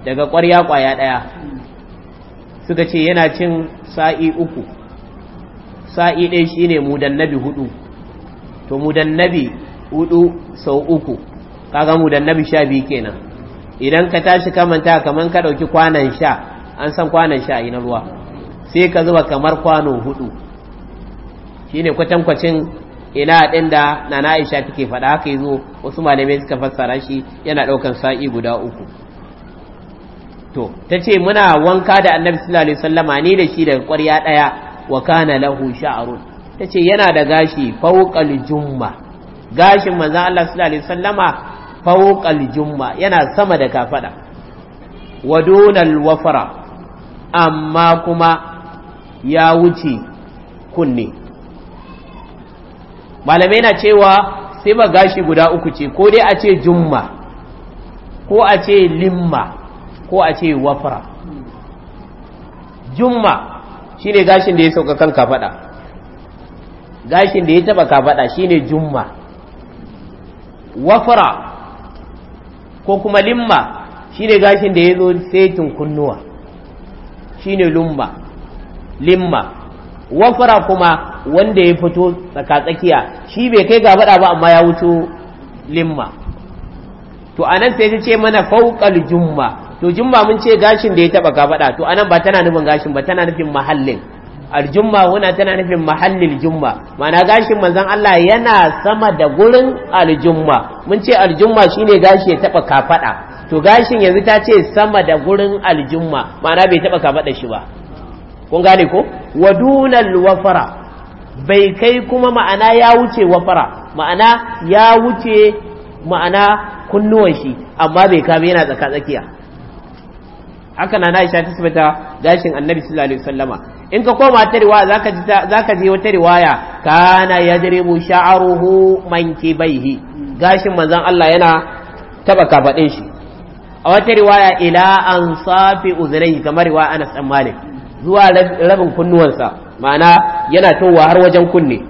daga ƙwarya ƙwaya ɗaya suka ce yana cin sa'i uku sa'i ɗaya shine mudannabi hudu to mudannabi hudu sau uku kaga mudannabi sha biyu kenan idan ka tashi kamanta kaman ka ɗauki kwanan sha an san kwanan sha ina ruwa sai ka zuba kamar kwano hudu shine kwatankwacin ina ɗin da nana aisha take faɗa haka yi zo wasu malamai suka fassara shi yana ɗaukan sa'i guda uku to ta ce muna wanka da annabi sallallahu alaihi wasallama ni da shi daga ƙwarya ɗaya wa kana lahu sha'run tace yana da gashi fawqal jumma gashin manzo Allah sallallahu alaihi wasallama fawqal jumma yana sama da kafada wa dunal wafra amma kuma ya wuce kunne malamai na cewa sai ba gashi guda uku ce ko dai a ce jumma ko a ce limma ko a ce wafra jumma shine gashin da ya sauka kan kafada gashin da ya taba kafada shine jumma wafara ko kuma limma shine gashin da ya zo setin kunnuwa shine lumma limma wafara kuma wanda ya fito tsakatsakiya shi bai kai gabada ba amma ya wuto limma to anan sai ta ce mana fauƙal jumma to jumma mun ce gashin da ya taba kafada to anan ba tana nufin gashin ba tana nufin mahallin aljumma wana tana nufin mahallil jumma Ma'ana gashin manzon Allah yana sama da gurin aljumma mun ce aljumma shine gashi ya taba kafada to gashin yanzu ta ce sama da gurin aljumma mana bai taba kafada shi ba kun gane ko wadunal wafara bai kai kuma ma'ana ya wuce wafara ma'ana ya wuce ma'ana kunnuwan shi amma bai kame yana tsaka tsakiya haka na Aisha ta sifata gashin Annabi sallallahu alaihi wasallama in ka koma ta riwaya zaka ji zaka ji wata riwaya kana yadribu sha'ruhu mankibaihi gashin manzon Allah yana taba kafadin shi a wata riwaya ila safi uzrayhi kamar riwaya Anas bin Malik zuwa rabin kunnuwansa ma'ana yana towa har wajen kunne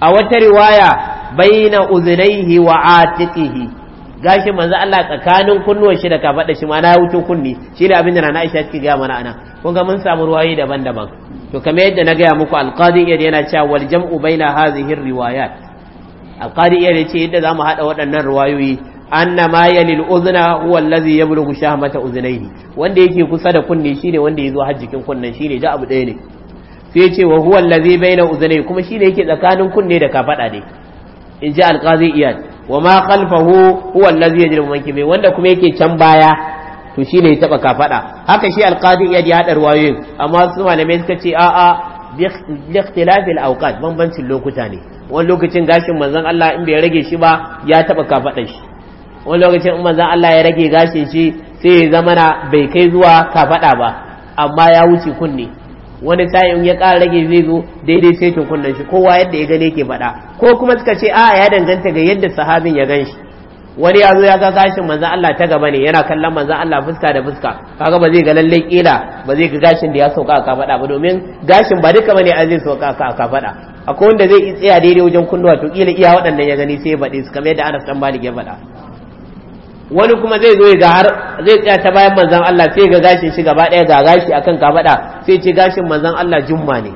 a wata riwaya baina uzrayhi wa atiqihi gashin manzo Allah tsakanin kunnuwan shi da kafaɗa shi ma na wucin kunni shi ne abin da na Aisha take gaya mana ana kun ga mun samu ruwayi daban-daban to kamar yadda na gaya muku alqadi iyad yana cewa wal jam'u baina hadhihi riwayat alqadi iyad yace yadda zamu hada waɗannan ruwayoyi anna ma yalil uzna huwa allazi yablughu shahmata uznaihi wanda yake kusa da kunni shine wanda yazo hajjikin kunnan shine da abu ɗaya ne sai ce wa huwa allazi baina uznai kuma shine yake tsakanin kunne da kafaɗa ne in ji alqadi iyad wa ma khalfahu huwa allazi yajri mankibi wanda kuma yake can baya to shine ya taba kafada haka shi alqadi ya haɗa ruwayoyin amma su malamai suka ce a bi ikhtilaf alawqat bambancin lokuta ne wani lokacin gashin manzon Allah in bai rage shi ba ya taba kafadan shi wani lokacin in manzon Allah ya rage gashin shi sai ya zama bai kai zuwa kafada ba amma ya wuce kunne wani sa'in ya ƙara rage zai zo daidai sai kunnan shi kowa yadda ya gane ke faɗa ko kuma suka ce a ya danganta ga yadda sahabin ya gan shi wani ya zo ya ga gashin manzan Allah ta gaba ne yana kallon manzon Allah fuska da fuska kaga ba zai ga lallai kila ba zai ga gashin da ya sauka a faɗa ba domin gashin ba duka bane an zai sauka a faɗa akwai wanda zai tsaya daidai wajen kunnuwa to kila iya waɗannan ya gani sai ya baɗe su kamar yadda Anas dan Malik ya faɗa wani kuma zai zo ga har zai tsaya ta bayan manzan Allah sai ga gashin shi gaba ɗaya ga gashi akan kafada sai ce gashin manzan Allah jumma ne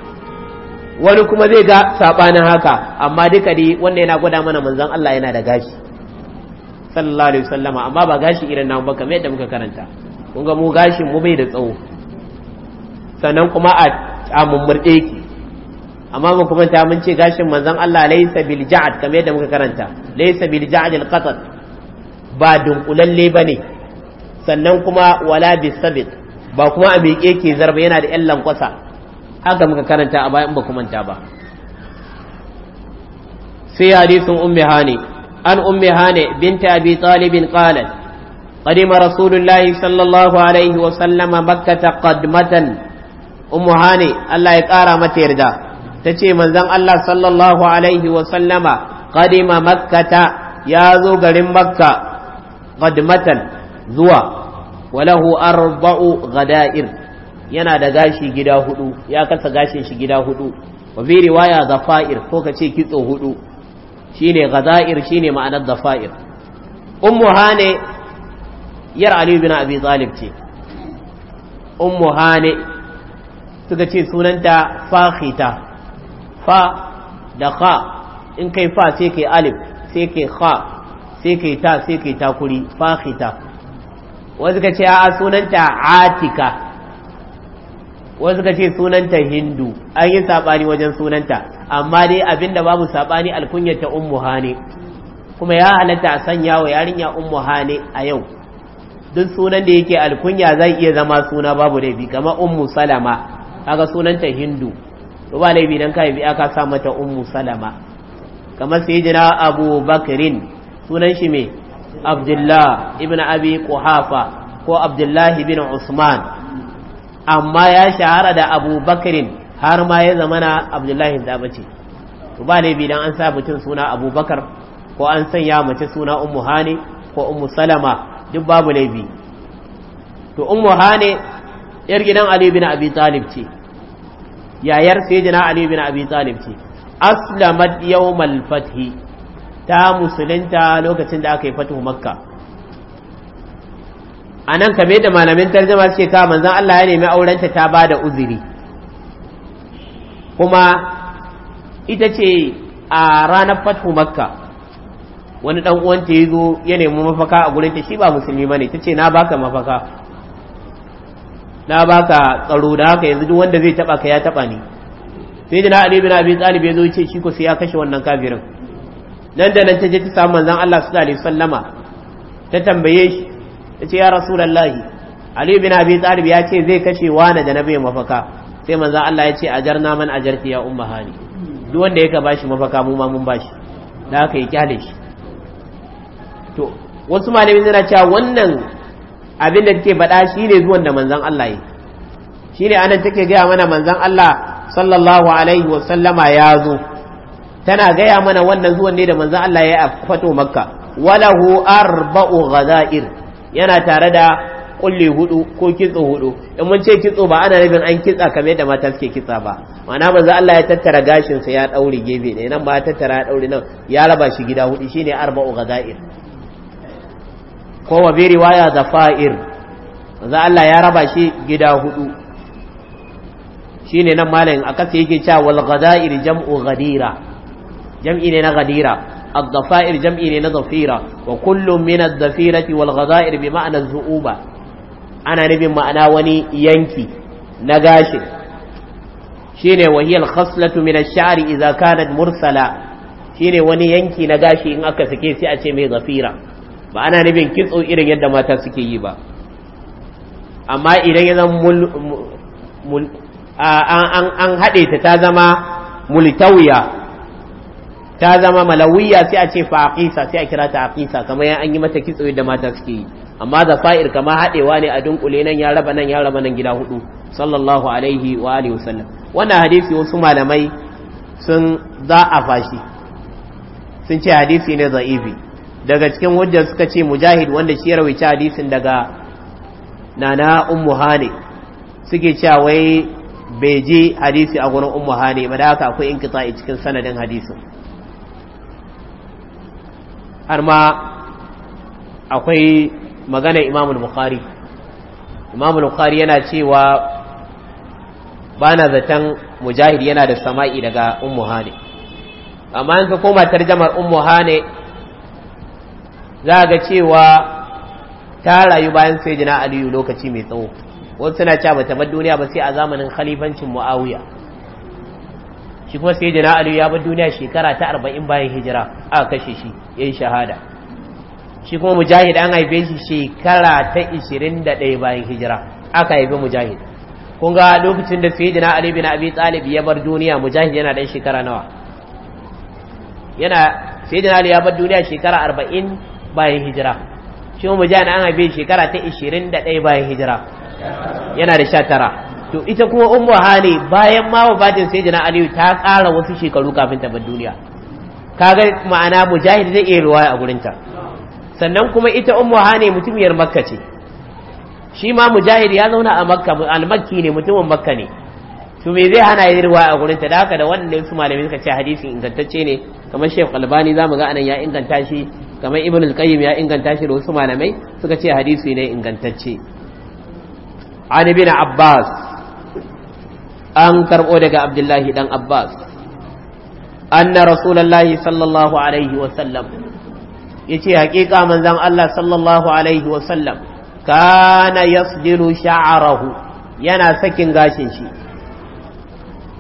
wani kuma zai ga sabanin haka amma duka dai wannan yana gwada mana manzan Allah yana da gashi sallallahu alaihi wasallama amma ba gashi irin nan ba kamar yadda muka karanta kun ga mu gashin mu bai da tsawo sannan kuma a mummurɗe ki amma mu kuma ta mun ce gashin manzon Allah laysa bil ja'd kamar yadda muka karanta laysa bil ja'd al qatad ba dunkulalle ba ne sannan kuma wala bisabit ba kuma a miƙe ke zarba yana da 'yan lankwasa haka muka karanta a bayan ba manta ba sai hadisin ummi hane an ummi hani binta abi talibin qalat قدم رسول الله صلى الله عليه وسلم مكة قدمة أم هاني الله يقارى متيردا تشي من ذن الله صلى الله عليه وسلم قدم مكة يا ذو مكة qadmatan zuwa walahu arba'u ghada'ir yana da gashi gida hudu ya kasa gashin shi gida hudu wa bi riwaya zafa'ir ko kace kitso hudu shine ghada'ir shine ma'anar zafa'ir ummu hane yar ali bin abi talib ce ummu hane suka ce sunanta fakhita fa da kha in kai fa sai kai alif sai kai kha sai kai ta sai kai ta kuri fakhita wasu ka ce a sunanta atika wasu ka sunanta hindu an yi saɓani wajen sunanta amma dai abinda babu sabani alkunyata ummu hane kuma ya halatta a sanya wa yarinya ummu hane a yau duk sunan da yake alkunya zai iya zama suna babu laifi kamar ummu salama kaga sunanta hindu to ba laifi dan kai bi aka sa mata ummu salama kamar sayyidina abu bakirin. sunan shi me abdullah ibn abi kuhafa ko abdullah ibn usman amma ya shahara da abubakarin har ma ya zamana abdullahi da bace to ba ne bidan an sa mutum suna abubakar ko an sanya mace suna ummu hani ko ummu salama duk babu laifi to ummu hani yar gidan ali bin abi talib ce yayar sayyidina ali bin abi talib ce aslamat yawmal fathi ta musulunta lokacin da aka yi fatuhu makka a nan kame da malamin tarjama suke ka manzan Allah ya nemi aurenta ta ba da uzuri kuma ita ce a ranar fatuhu makka wani dan uwanta ya zo ya nemi mafaka a gurinta shi ba musulmi bane ta ce na baka mafaka na baka tsaro da haka yanzu duk wanda zai taba ka ya taba ni sai da na alibi na abi talib ya zo ce shi ko sai ya kashe wannan kafirin nan da nan ta je ta samu manzon Allah sallallahu alaihi wasallama ta tambaye shi ta ce ya rasulullahi ali bin abi talib ya ce zai kashe wani da nabi mafaka sai manzon Allah ya ce ajarna man ajarti ya umma hali duk wanda yake bashi mafaka mu ma mun bashi da aka yi kyale shi to wasu malamin suna cewa wannan abin da take bada shine zuwan da manzon Allah Shi shine anan take gaya mana manzon Allah sallallahu alaihi wasallama ya zo tana gaya mana wannan zuwan ne da manzon Allah ya fato makka walahu arba'u ghadair yana tare da kulli hudu ko kitso hudu in mun ce kitso ba ana nufin an kitsa kamar yadda mata suke kitsa ba ma'ana manzo Allah ya tattara gashin sa ya daure gefe ne nan ba ya tattara ya daure nan ya raba shi gida hudu shine arba'u ghadair ko wa bi riwaya zafair manzo Allah ya raba shi gida hudu shine nan malamin akasa yake cewa wal ghadair jam'u ghadira jam'i ne na gadira الضفائر جمعي لنظفيرة وكل من الضفيرة والغضائر بمعنى الزؤوبة أنا نبي معنى وني ينكي نقاشر شيني وهي الخصلة من الشعر إذا كانت مرسلة شيني وني ينكي نقاشي إن أكا سكي سيأتي مي ضفيرة فأنا نبي كثو إرن يد ما تسكي يبا أما إرن يد مل مل أن هدي تتازم ملتوية ta zama malawiya sai a ce fa aqisa sai a kira ta aqisa kamar ya an yi mata kitso da mata suke yi amma da fa'ir kama hadewa ne a dunkule nan ya raba nan ya raba nan gida hudu sallallahu alaihi wa alihi wasallam wannan hadisi wasu malamai sun za a fashi sun ce hadisi ne za'ibi daga cikin hujjar suka ce mujahid wanda shi ya rawaita hadisin daga nana ummu hane suke cewa wai bai je hadisi a gurin ummu hane ba da haka akwai inkita cikin sanadin hadisin har ma akwai magana imamul bukhari imamul bukhari yana cewa bana zaton mujahid yana da sama'i daga ummu hane amma yanzu koma tarjamar ummu hane za ga cewa ta rayu bayan sai jina aliyu lokaci mai tsawo wasu suna cewa ta bar duniya ba sai a zamanin khalifancin muawiya shi kuma sai jina aliyu ya bar duniya shekara ta arba'in bayan hijira aka kashe shi ya yi shahada shi kuma mujahid an haife shi shekara ta ishirin da ɗaya bayan hijira aka haife mujahid kun ga lokacin da sai jina aliyu bin abi talib ya bar duniya mujahid yana ɗan shekara nawa yana sai jina aliyu ya bar duniya shekara arba'in bayan hijira shi kuma mujahid an haife shekara ta ishirin da ɗaya bayan hijira yana da sha tara to ita kuma ummu hali bayan ma wafatin sayyidina aliyu ta ƙara wasu shekaru kafin ta bar duniya kaga ma'ana mujahid zai iya ruwa a gurin ta sannan kuma ita ummu hali mutumiyar makka ce shi ma mujahid ya zauna a makka al-makki ne mutumin makka ne to me zai hana yi ruwa a gurin ta da haka da wannan su malamai suka ce hadisin ingantacce ne kamar Sheikh Albani zamu ga anan ya inganta shi kamar Ibn al-Qayyim ya inganta shi da wasu malamai suka ce hadisi ne ingantacce an bin Abbas an karɓo daga abdullahi dan abbas anna rasulallahi sallallahu alaihi wasallam ya ce haƙiƙa manzan allah sallallahu alaihi wasallam kana yasjilu sha'arahu yana sakin gashin shi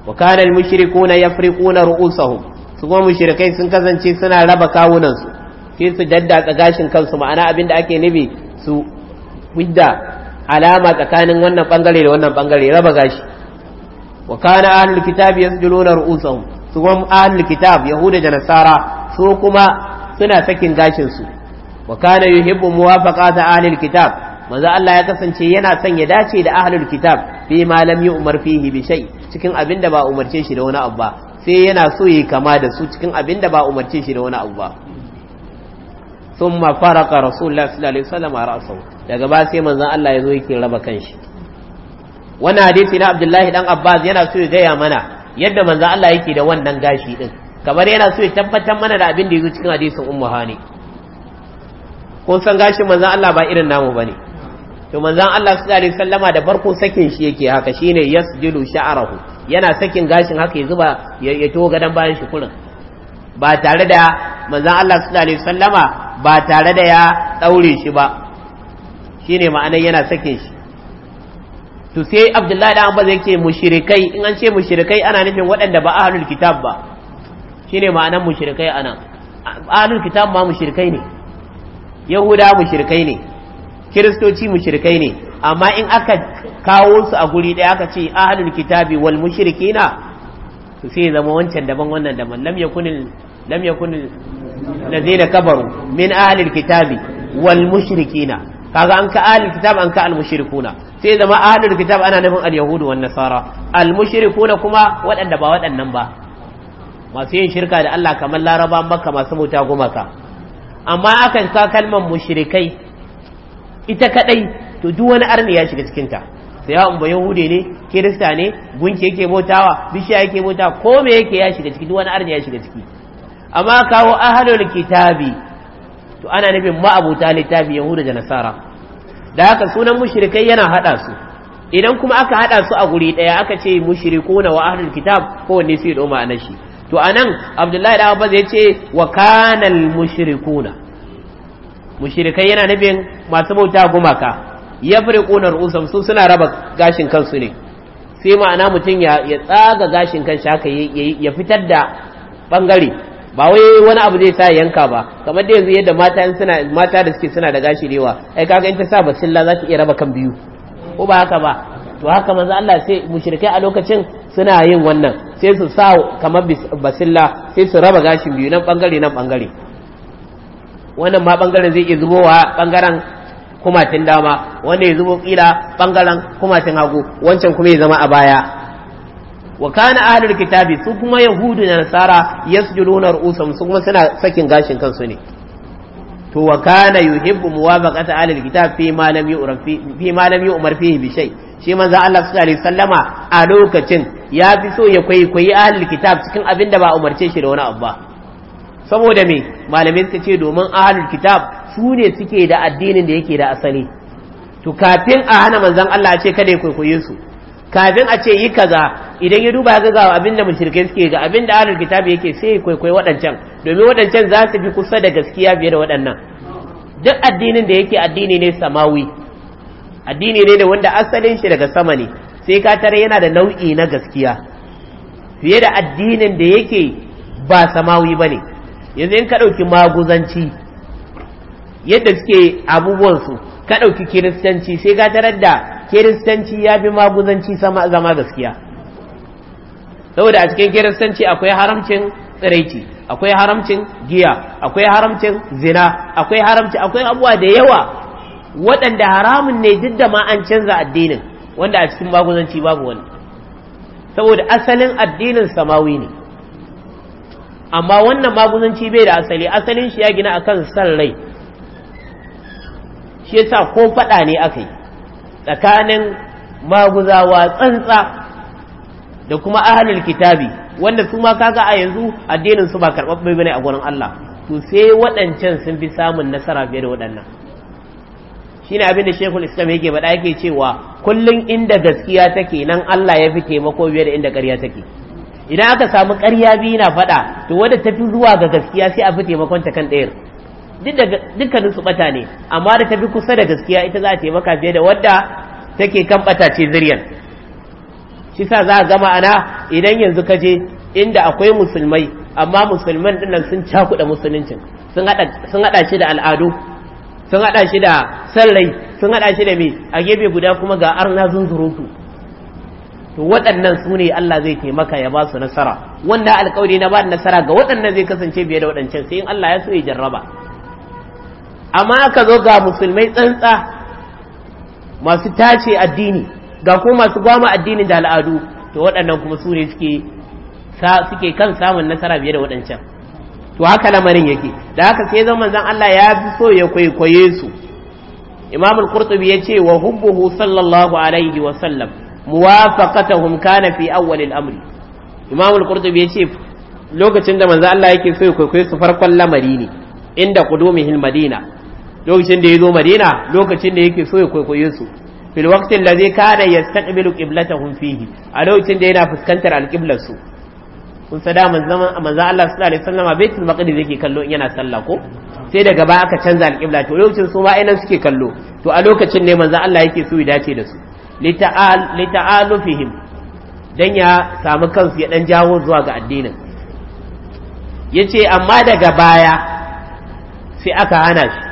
wa kana almushrikuna yafriquna ru'usahum su kuma mushrikai sun kasance suna raba kawunansu ke su daddatsa gashin kansu ma'ana abin da ake nufi su fidda alama tsakanin wannan bangare da wannan bangare raba gashi wa kana ahlul kitab yasjuluna ru'usahum su kuma ahlul kitab yahuda da nasara su kuma suna sakin gashin su wa kana yuhibbu muwafaqata ahlul kitab manzo Allah ya kasance yana son ya dace da ahlul kitab fi ma lam yu'mar fihi bi shay cikin abinda ba umarce shi da wani abu ba sai yana so yi kama da su cikin abinda ba umarce shi da wani abu ba ثم فرق رسول الله صلى الله عليه daga ba sai manzon Allah ya zo yake raba kanshi wannan hadisi na abdullahi dan abbas yana so ya gaya mana yadda manzo Allah yake da wannan gashi din kamar yana so ya tabbatar mana da abin da yake cikin hadisin ummu hani kun san gashin manzo Allah ba irin namu bane to manzo Allah sallallahu alaihi wasallama da barko sakin shi yake haka shine yasjilu sha'ruhu yana sakin gashin haka ya zuba ya to gadan bayan shi kurin ba tare da manzan Allah sallallahu alaihi wasallama ba tare da ya daure shi ba shine ma'anar yana sakin shi to sai abdullahi da ba zai ce mushrikai in an ce mushrikai ana nufin waɗanda ba ahlul kitab ba shine ma'anar mushrikai anan ahlul kitab ma mushrikai ne yahuda mushrikai ne kiristoci mushrikai ne amma in aka kawo su a guri ɗaya aka ce ahlul kitabi wal mushrikina to sai zama wancan daban wannan daban lam yakunil lam yakunil lazina kabaru min ahlil kitabi wal mushrikina kaga an ka ahlul kitab an ka al mushrikuna sai zama ahlul kitab ana nufin al-yahudu wan nasara al-mushrikuna kuma waɗanda ba waɗannan ba masu yin shirka da Allah kamar laraba makka masu muta gumaka amma akan sa kalmar mushrikai ita kadai to duk wani arni ya shiga cikin ta sai ya umba yahude ne kirista ne gunki yake bautawa bishiya yake motawa ko me yake ya shiga ciki duk wani arni ya shiga ciki amma kawo ahlul kitabi to ana nufin ma'abuta littafi yahuda da nasara da haka sunan mushrikai yana hada su idan kuma aka hada su a guri daya aka ce mushrikuna wa ahlul kitab kowanne sai doma ma'ana shi to anan abdullahi da abbas ya ce wa kanal mushrikuna mushrikai yana nufin masu bauta gumaka ya fure ƙunar usam su suna raba gashin kansu ne sai ma'ana mutum ya tsaga gashin kanshi haka ya fitar da bangare ba wai wani abu zai sa yanka ba kamar da yanzu yadda mata suna mata da suke suna da gashi dewa ai kaga in ta sa basilla za ta iya raba kan biyu ko ba haka ba to haka manzo Allah sai mushrikai a lokacin suna yin wannan sai su sa kamar basilla sai su raba gashin biyu nan bangare nan bangare wannan ma bangaren zai iya zubowa bangaren kumatin dama wanda ya zubo kila bangaren kumatin hagu wancan kuma ya zama a baya wa kana ahlul kitabi su kuma yahudu da nasara yasjuduna ru'usahum su kuma suna sakin gashin kansu ne to wa kana yuhibbu muwafaqata ahlul kitab fi ma lam yu'raf fi ma lam yu'mar fihi bi shay shi manzo Allah sallallahu alaihi wasallama a lokacin ya fi so ya kwaikwayi ahlul kitab cikin abin da ba umarce shi da wani abu ba saboda me malamai suka ce domin ahlul kitab su ne suke da addinin da yake da asali to kafin a hana manzon Allah ce kada ya kwaikwaye su kafin a ce yi kaza idan ya duba ga ga abin da mushrikai suke ga abin da ahlul kitabi yake sai kwaikwai waɗancan domin waɗancan za su fi kusa da gaskiya fiye da waɗannan duk addinin da yake addini ne samawi addini ne da wanda asalin shi daga sama ne sai ka tare yana da nau'i na gaskiya fiye da addinin da yake ba samawi ba ne yanzu in ka ɗauki maguzanci yadda suke abubuwansu ka ɗauki kiristanci sai ka tarar da kiristanci ya bi maguzanci sama zama gaskiya saboda a cikin kiristanci akwai haramcin tsiraici akwai haramcin giya akwai haramcin zina akwai haramcin akwai abubuwa da yawa waɗanda haramun ne duk da ma an canza addinin wanda a cikin maguzanci babu wani saboda asalin addinin samawi ne amma wannan maguzanci bai da asali asalin shi ya gina a kan san rai shi yasa ko faɗa ne aka yi tsakanin maguzawa tsantsa da kuma ahalul kitabi wanda su ma kaga a yanzu addinin su ba karɓaɓɓe bane a gurin Allah to sai waɗancan sun fi samun nasara fiye da waɗannan shine abin da Sheikhul Islam yake faɗa yake cewa kullum inda gaskiya take nan Allah ya fi taimako fiye da inda ƙarya take idan aka samu ƙarya biyu na faɗa to wadda ta fi zuwa ga gaskiya sai a fi taimakon ta kan ɗayar dukkanin su bata ne amma da ta tafi kusa da gaskiya ita za ta taimaka fiye da wadda take kan bata ce zuriyar shi sa za a gama ana idan yanzu ka je inda akwai musulmai amma musulman dinnan sun cakuɗa musuluncin sun haɗa shi da al'adu sun haɗa shi da sallai sun haɗa shi da me a gefe guda kuma ga arna zunzurutu to waɗannan su ne Allah zai taimaka ya ba su nasara wanda alƙawari na ba nasara ga waɗannan zai kasance biye da waɗancan sai in Allah ya so ya jarraba amma aka zo ga musulmai tsantsa masu tace addini ga kuma masu gwama addinin da al'adu to waɗannan kuma su ne suke kan samun nasara biye da waɗancan to haka lamarin yake da haka sai zan manzon Allah ya fi so ya kwaikwaye su imamul qurtubi ya ce wa hubbuhu sallallahu alaihi wa sallam muwafaqatuhum kana fi awwal al-amr imamul qurtubi ya ce lokacin da manzon Allah yake so ya kwaikwaye su farkon lamari ne inda qudumihil madina lokacin da ya zo madina lokacin da yake so ya kwaikwaye su fil waqtin ladhi kana yastaqbilu qiblatahum fihi a lokacin da yana fuskantar alqiblar su kun sada manzon manzon Allah sallallahu alaihi wasallam baitul maqdis yake kallo yana sallah ko sai daga ba aka canza alqibla to lokacin su ma ainihin suke kallo to a lokacin ne manzon Allah yake so ya dace da su li lita'alufihim dan ya samu kansu ya dan jawo zuwa ga addinin yace amma daga baya sai aka hana shi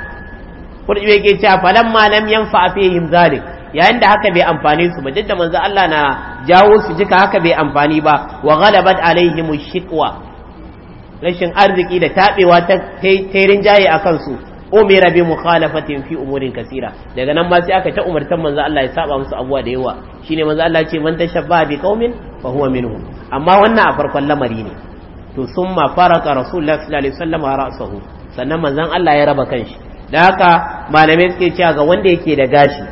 kurɗi yake cewa falan malam lam yanfa yin zalik yayin da haka bai amfani su ba duk da manzo Allah na jawo su jika haka bai amfani ba wa ghalabat alaihim shiqwa rashin arziki da tabewa ta tairin jaye akan su umira bi mukhalafatin fi umurin kasira daga nan ma sai aka ta umartan manzo Allah ya saba musu abuwa da yawa shine manzo Allah ce man tashabba bi qaumin fa huwa minhum amma wannan a farkon lamari ne to summa faraka rasulullahi sallallahu alaihi wasallam ra'sahu sannan manzon Allah ya raba kanshi da haka malamai suke cewa ga wanda yake da gashi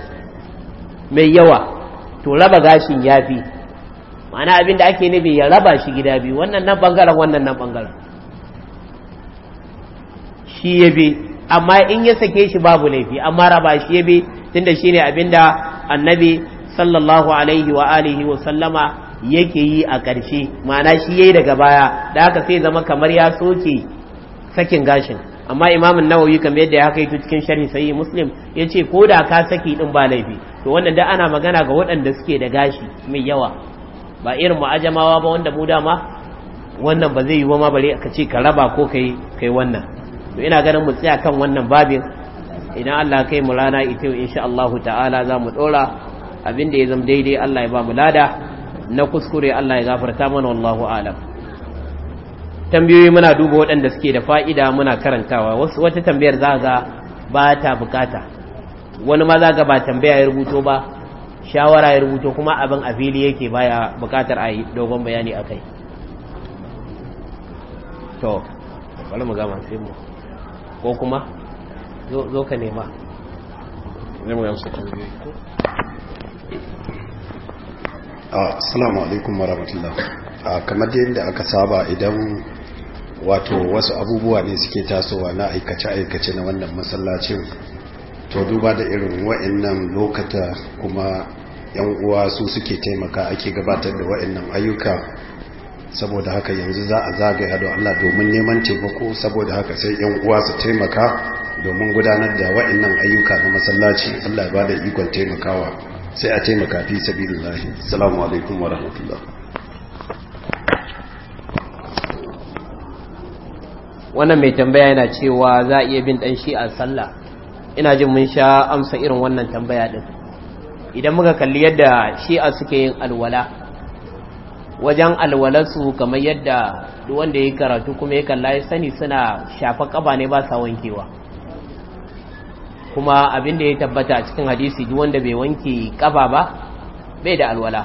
mai yawa to raba gashin ya fi? ma'ana abin da ake nufi ya raba shi gida biyu wannan nan bangaren wannan nan bangaren shi ya bi amma in ya sake shi babu laifi amma raba shi ya bi tunda shi ne abin da annabi sallallahu alaihi wa alihi wa sallama yake yi a ƙarshe ma'ana shi ya yi daga baya da haka sai zama kamar ya soke sakin gashin amma imamin nawawi kamar yadda ya kai cikin sharhi sai muslim ya ce ko da ka saki din ba laifi to wannan da ana magana ga waɗanda suke da gashi mai yawa ba irin mu ajamawa ba wanda mu dama wannan ba zai yi ba ma bare ka ce ka raba ko kai kai wannan to ina ganin mu tsaya kan wannan babin idan Allah kai mu rana ita insha Allah ta'ala za mu dora da ya zama daidai Allah ya ba mu lada na kuskure Allah ya gafarta mana wallahu a'lam tambayoyi muna duba waɗanda suke da fa'ida muna karantawa wasu wata tambayar za ga ba ta bukata wani ma za ga ba tambaya ya rubuto ba shawara ya rubuto kuma abin a fili yake baya bukatar a yi dogon bayani a kai to wani mu gama sai mu ko kuma zo ka nema ah, assalamu alaikum warahmatullahi kamar da yadda aka saba idan wato wasu abubuwa ne suke tasowa na aikace-aikace na wannan masallacin to duba da irin wa'annan lokata kuma yan uwa su suke taimaka ake gabatar da wa'annan ayyuka saboda haka yanzu za a zagaya hado Allah domin neman taimako saboda haka sai yan uwa su taimaka domin gudanar da wa'annan ayyuka na masallaci Allah ya bada ikon taimakawa sai a taimaka fi sabilillah assalamu alaikum wannan mai tambaya yana cewa za a iya bin dan shi a sallah ina jin mun sha amsa irin wannan tambaya din idan muka kalli yadda shi'a suke yin alwala wajen alwalarsu kamar yadda duk wanda ya karatu kuma ya kalla ya sani suna shafa kaba ne ba sa wankewa kuma abin da ya tabbata cikin hadisi duk wanda bai wanke kaba ba bai da alwala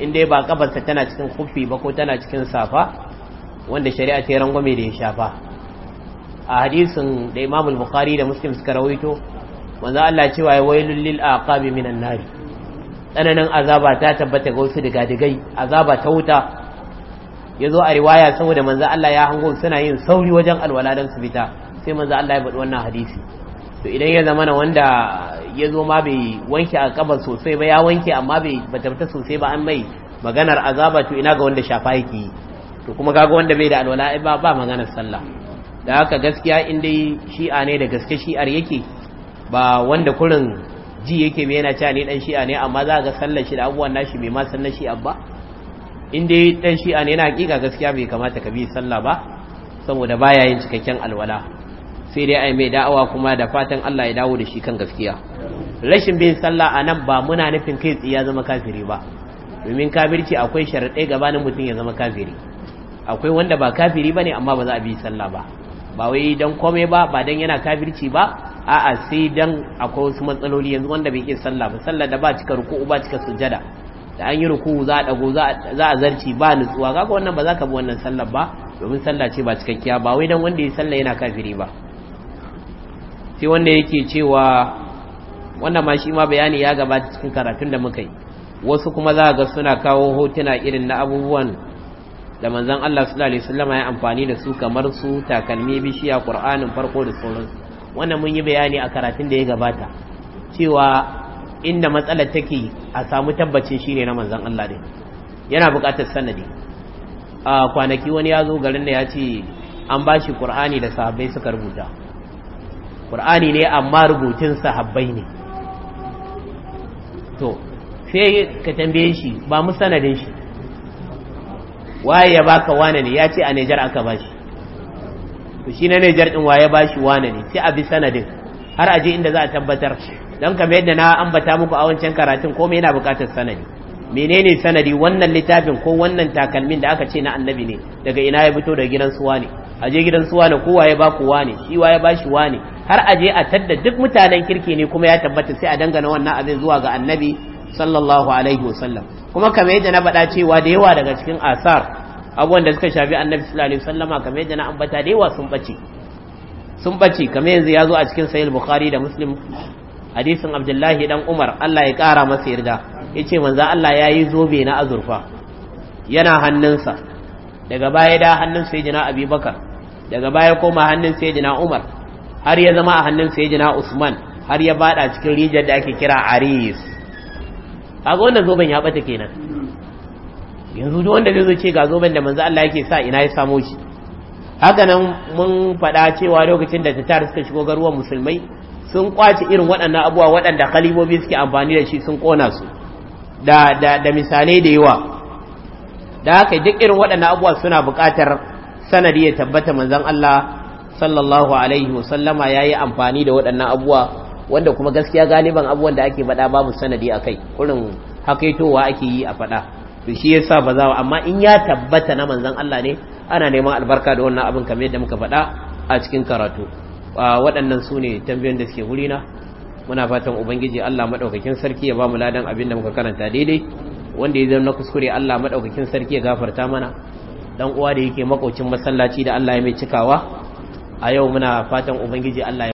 in dai ba kabarsa tana cikin kufi ba ko tana cikin safa wanda shari'a ce rangwame da ya shafa a hadisin da Imam al-Bukhari da Muslim suka rawaito manzo Allah cewa ya wai lil aqabi minan nar tsananin azaba ta tabbata ga wasu daga digai azaba ta wuta yazo a riwaya saboda manzo Allah ya hango suna yin sauri wajen alwala dan su fita sai manzo Allah ya faɗi wannan hadisi to idan ya zama na wanda ya ma bai wanke a kabar sosai ba ya wanke amma bai batabta sosai ba an mai maganar azaba to ina ga wanda shafa yake yi to kuma kaga wanda bai da alwala ba ba maganar sallah da haka gaskiya in dai shi'a ne da gaske shi'ar yake ba wanda kurin ji yake mai yana cewa ne dan shi'a ne amma za ga sallar shi da abubuwan nashi bai ma na shi'a ba in dai dan shi'a ne yana hakika gaskiya bai kamata ka bi sallah ba saboda baya yin cikakken alwala sai dai ai mai da'awa kuma da fatan Allah ya dawo da shi kan gaskiya rashin bin sallah anan ba muna nufin kai tsiya zama kafiri ba domin kafirci akwai sharaɗai gabanin mutum ya zama kafiri akwai wanda ba kafiri bane amma ba za a bi sallah ba ba wai dan komai ba ba dan yana kafirci ba a'a sai dan akwai wasu matsaloli yanzu wanda bai iya sallah ba sallah da ba cika ruku ba cika sujada da an yi ruku'u za a dago za a zarci ba nutsuwa kaga wannan ba za ka bi wannan sallah ba domin sallah ce ba cikakkiya ba wai dan wanda ya sallah yana kafiri ba sai wanda yake cewa wannan ma shi ma bayani ya gabata cikin karatun da muka yi wasu kuma za ga suna kawo hotuna irin na abubuwan da manzon Allah sallallahu alaihi wasallam ya amfani da su kamar su takalmi bishiya Qur'anin farko da sauransu wannan mun yi bayani a karatun da ya gabata cewa inda matsalar take a samu tabbacin shi ne na manzan Allah ne yana buƙatar sanadi a kwanaki wani ya zo garin da ya ce an ba shi ƙur'ani da sahabbai suka rubuta Kur'ani ne amma rubutun sahabbai ne to sai ka tambaye shi ba mu sanadin shi waye ya baka wane ne ya ce a Nijar aka ba shi to shi na Nijar din waye bashi wane ne sai a bi sanadin har aje inda za a tabbatar dan kamar yadda na ambata muku a wancan karatun komai yana bukatar sanadi menene sanadi wannan littafin ko wannan takalmin da aka ce na annabi ne daga ina ya fito da gidan suwa ne aje gidan suwa ne kowa ya baku wane shi waye bashi wane har aje a tadda duk mutanen kirki ne kuma ya tabbata sai a dangana wannan abin zuwa ga annabi sallallahu alaihi wasallam kuma kamar yadda na faɗa cewa da yawa daga cikin asar abubuwan da suka shafi annabi sallallahu alaihi wasallama kamar yadda na ambata da yawa sun bace sun bace kamar yanzu ya zo a cikin sahih bukhari da muslim hadisin abdullahi dan umar Allah ya kara masa yarda yace manzo Allah yayi zobe na azurfa yana hannunsa daga baya da hannun sayyidina abubakar daga baya koma hannun sayyidina umar har ya zama a hannun sayyidina usman har ya bada cikin rijiyar da ake kira aris kaga wannan zoben ya bata kenan yanzu duk wanda zai ce ga zoben da manzo Allah yake sa ina ya samo shi haka nan mun faɗa cewa lokacin da tatar suka shigo garuwan musulmai sun kwace irin waɗannan abubuwa waɗanda kalibobi suke amfani da shi sun kona su da da da misalai da yawa da haka duk irin waɗannan abuwa suna buƙatar sanadi ya tabbata manzon Allah sallallahu alaihi wasallama yayi amfani da waɗannan abubuwa wanda kuma gaskiya galiban abubuwan da ake faɗa babu sanadi a kai kurin hakaitowa ake yi a faɗa to shi yasa ba za amma in ya tabbata na manzan Allah ne ana neman albarka da wannan abin kamar yadda muka faɗa a cikin karatu waɗannan su ne tambayoyin da suke wurina muna fatan ubangiji Allah madaukakin sarki ya ba mu ladan abin da muka karanta daidai wanda ya zama na kuskure Allah madaukakin sarki ya gafarta mana dan uwa da yake makocin masallaci da Allah ya mai cikawa a yau muna fatan ubangiji Allah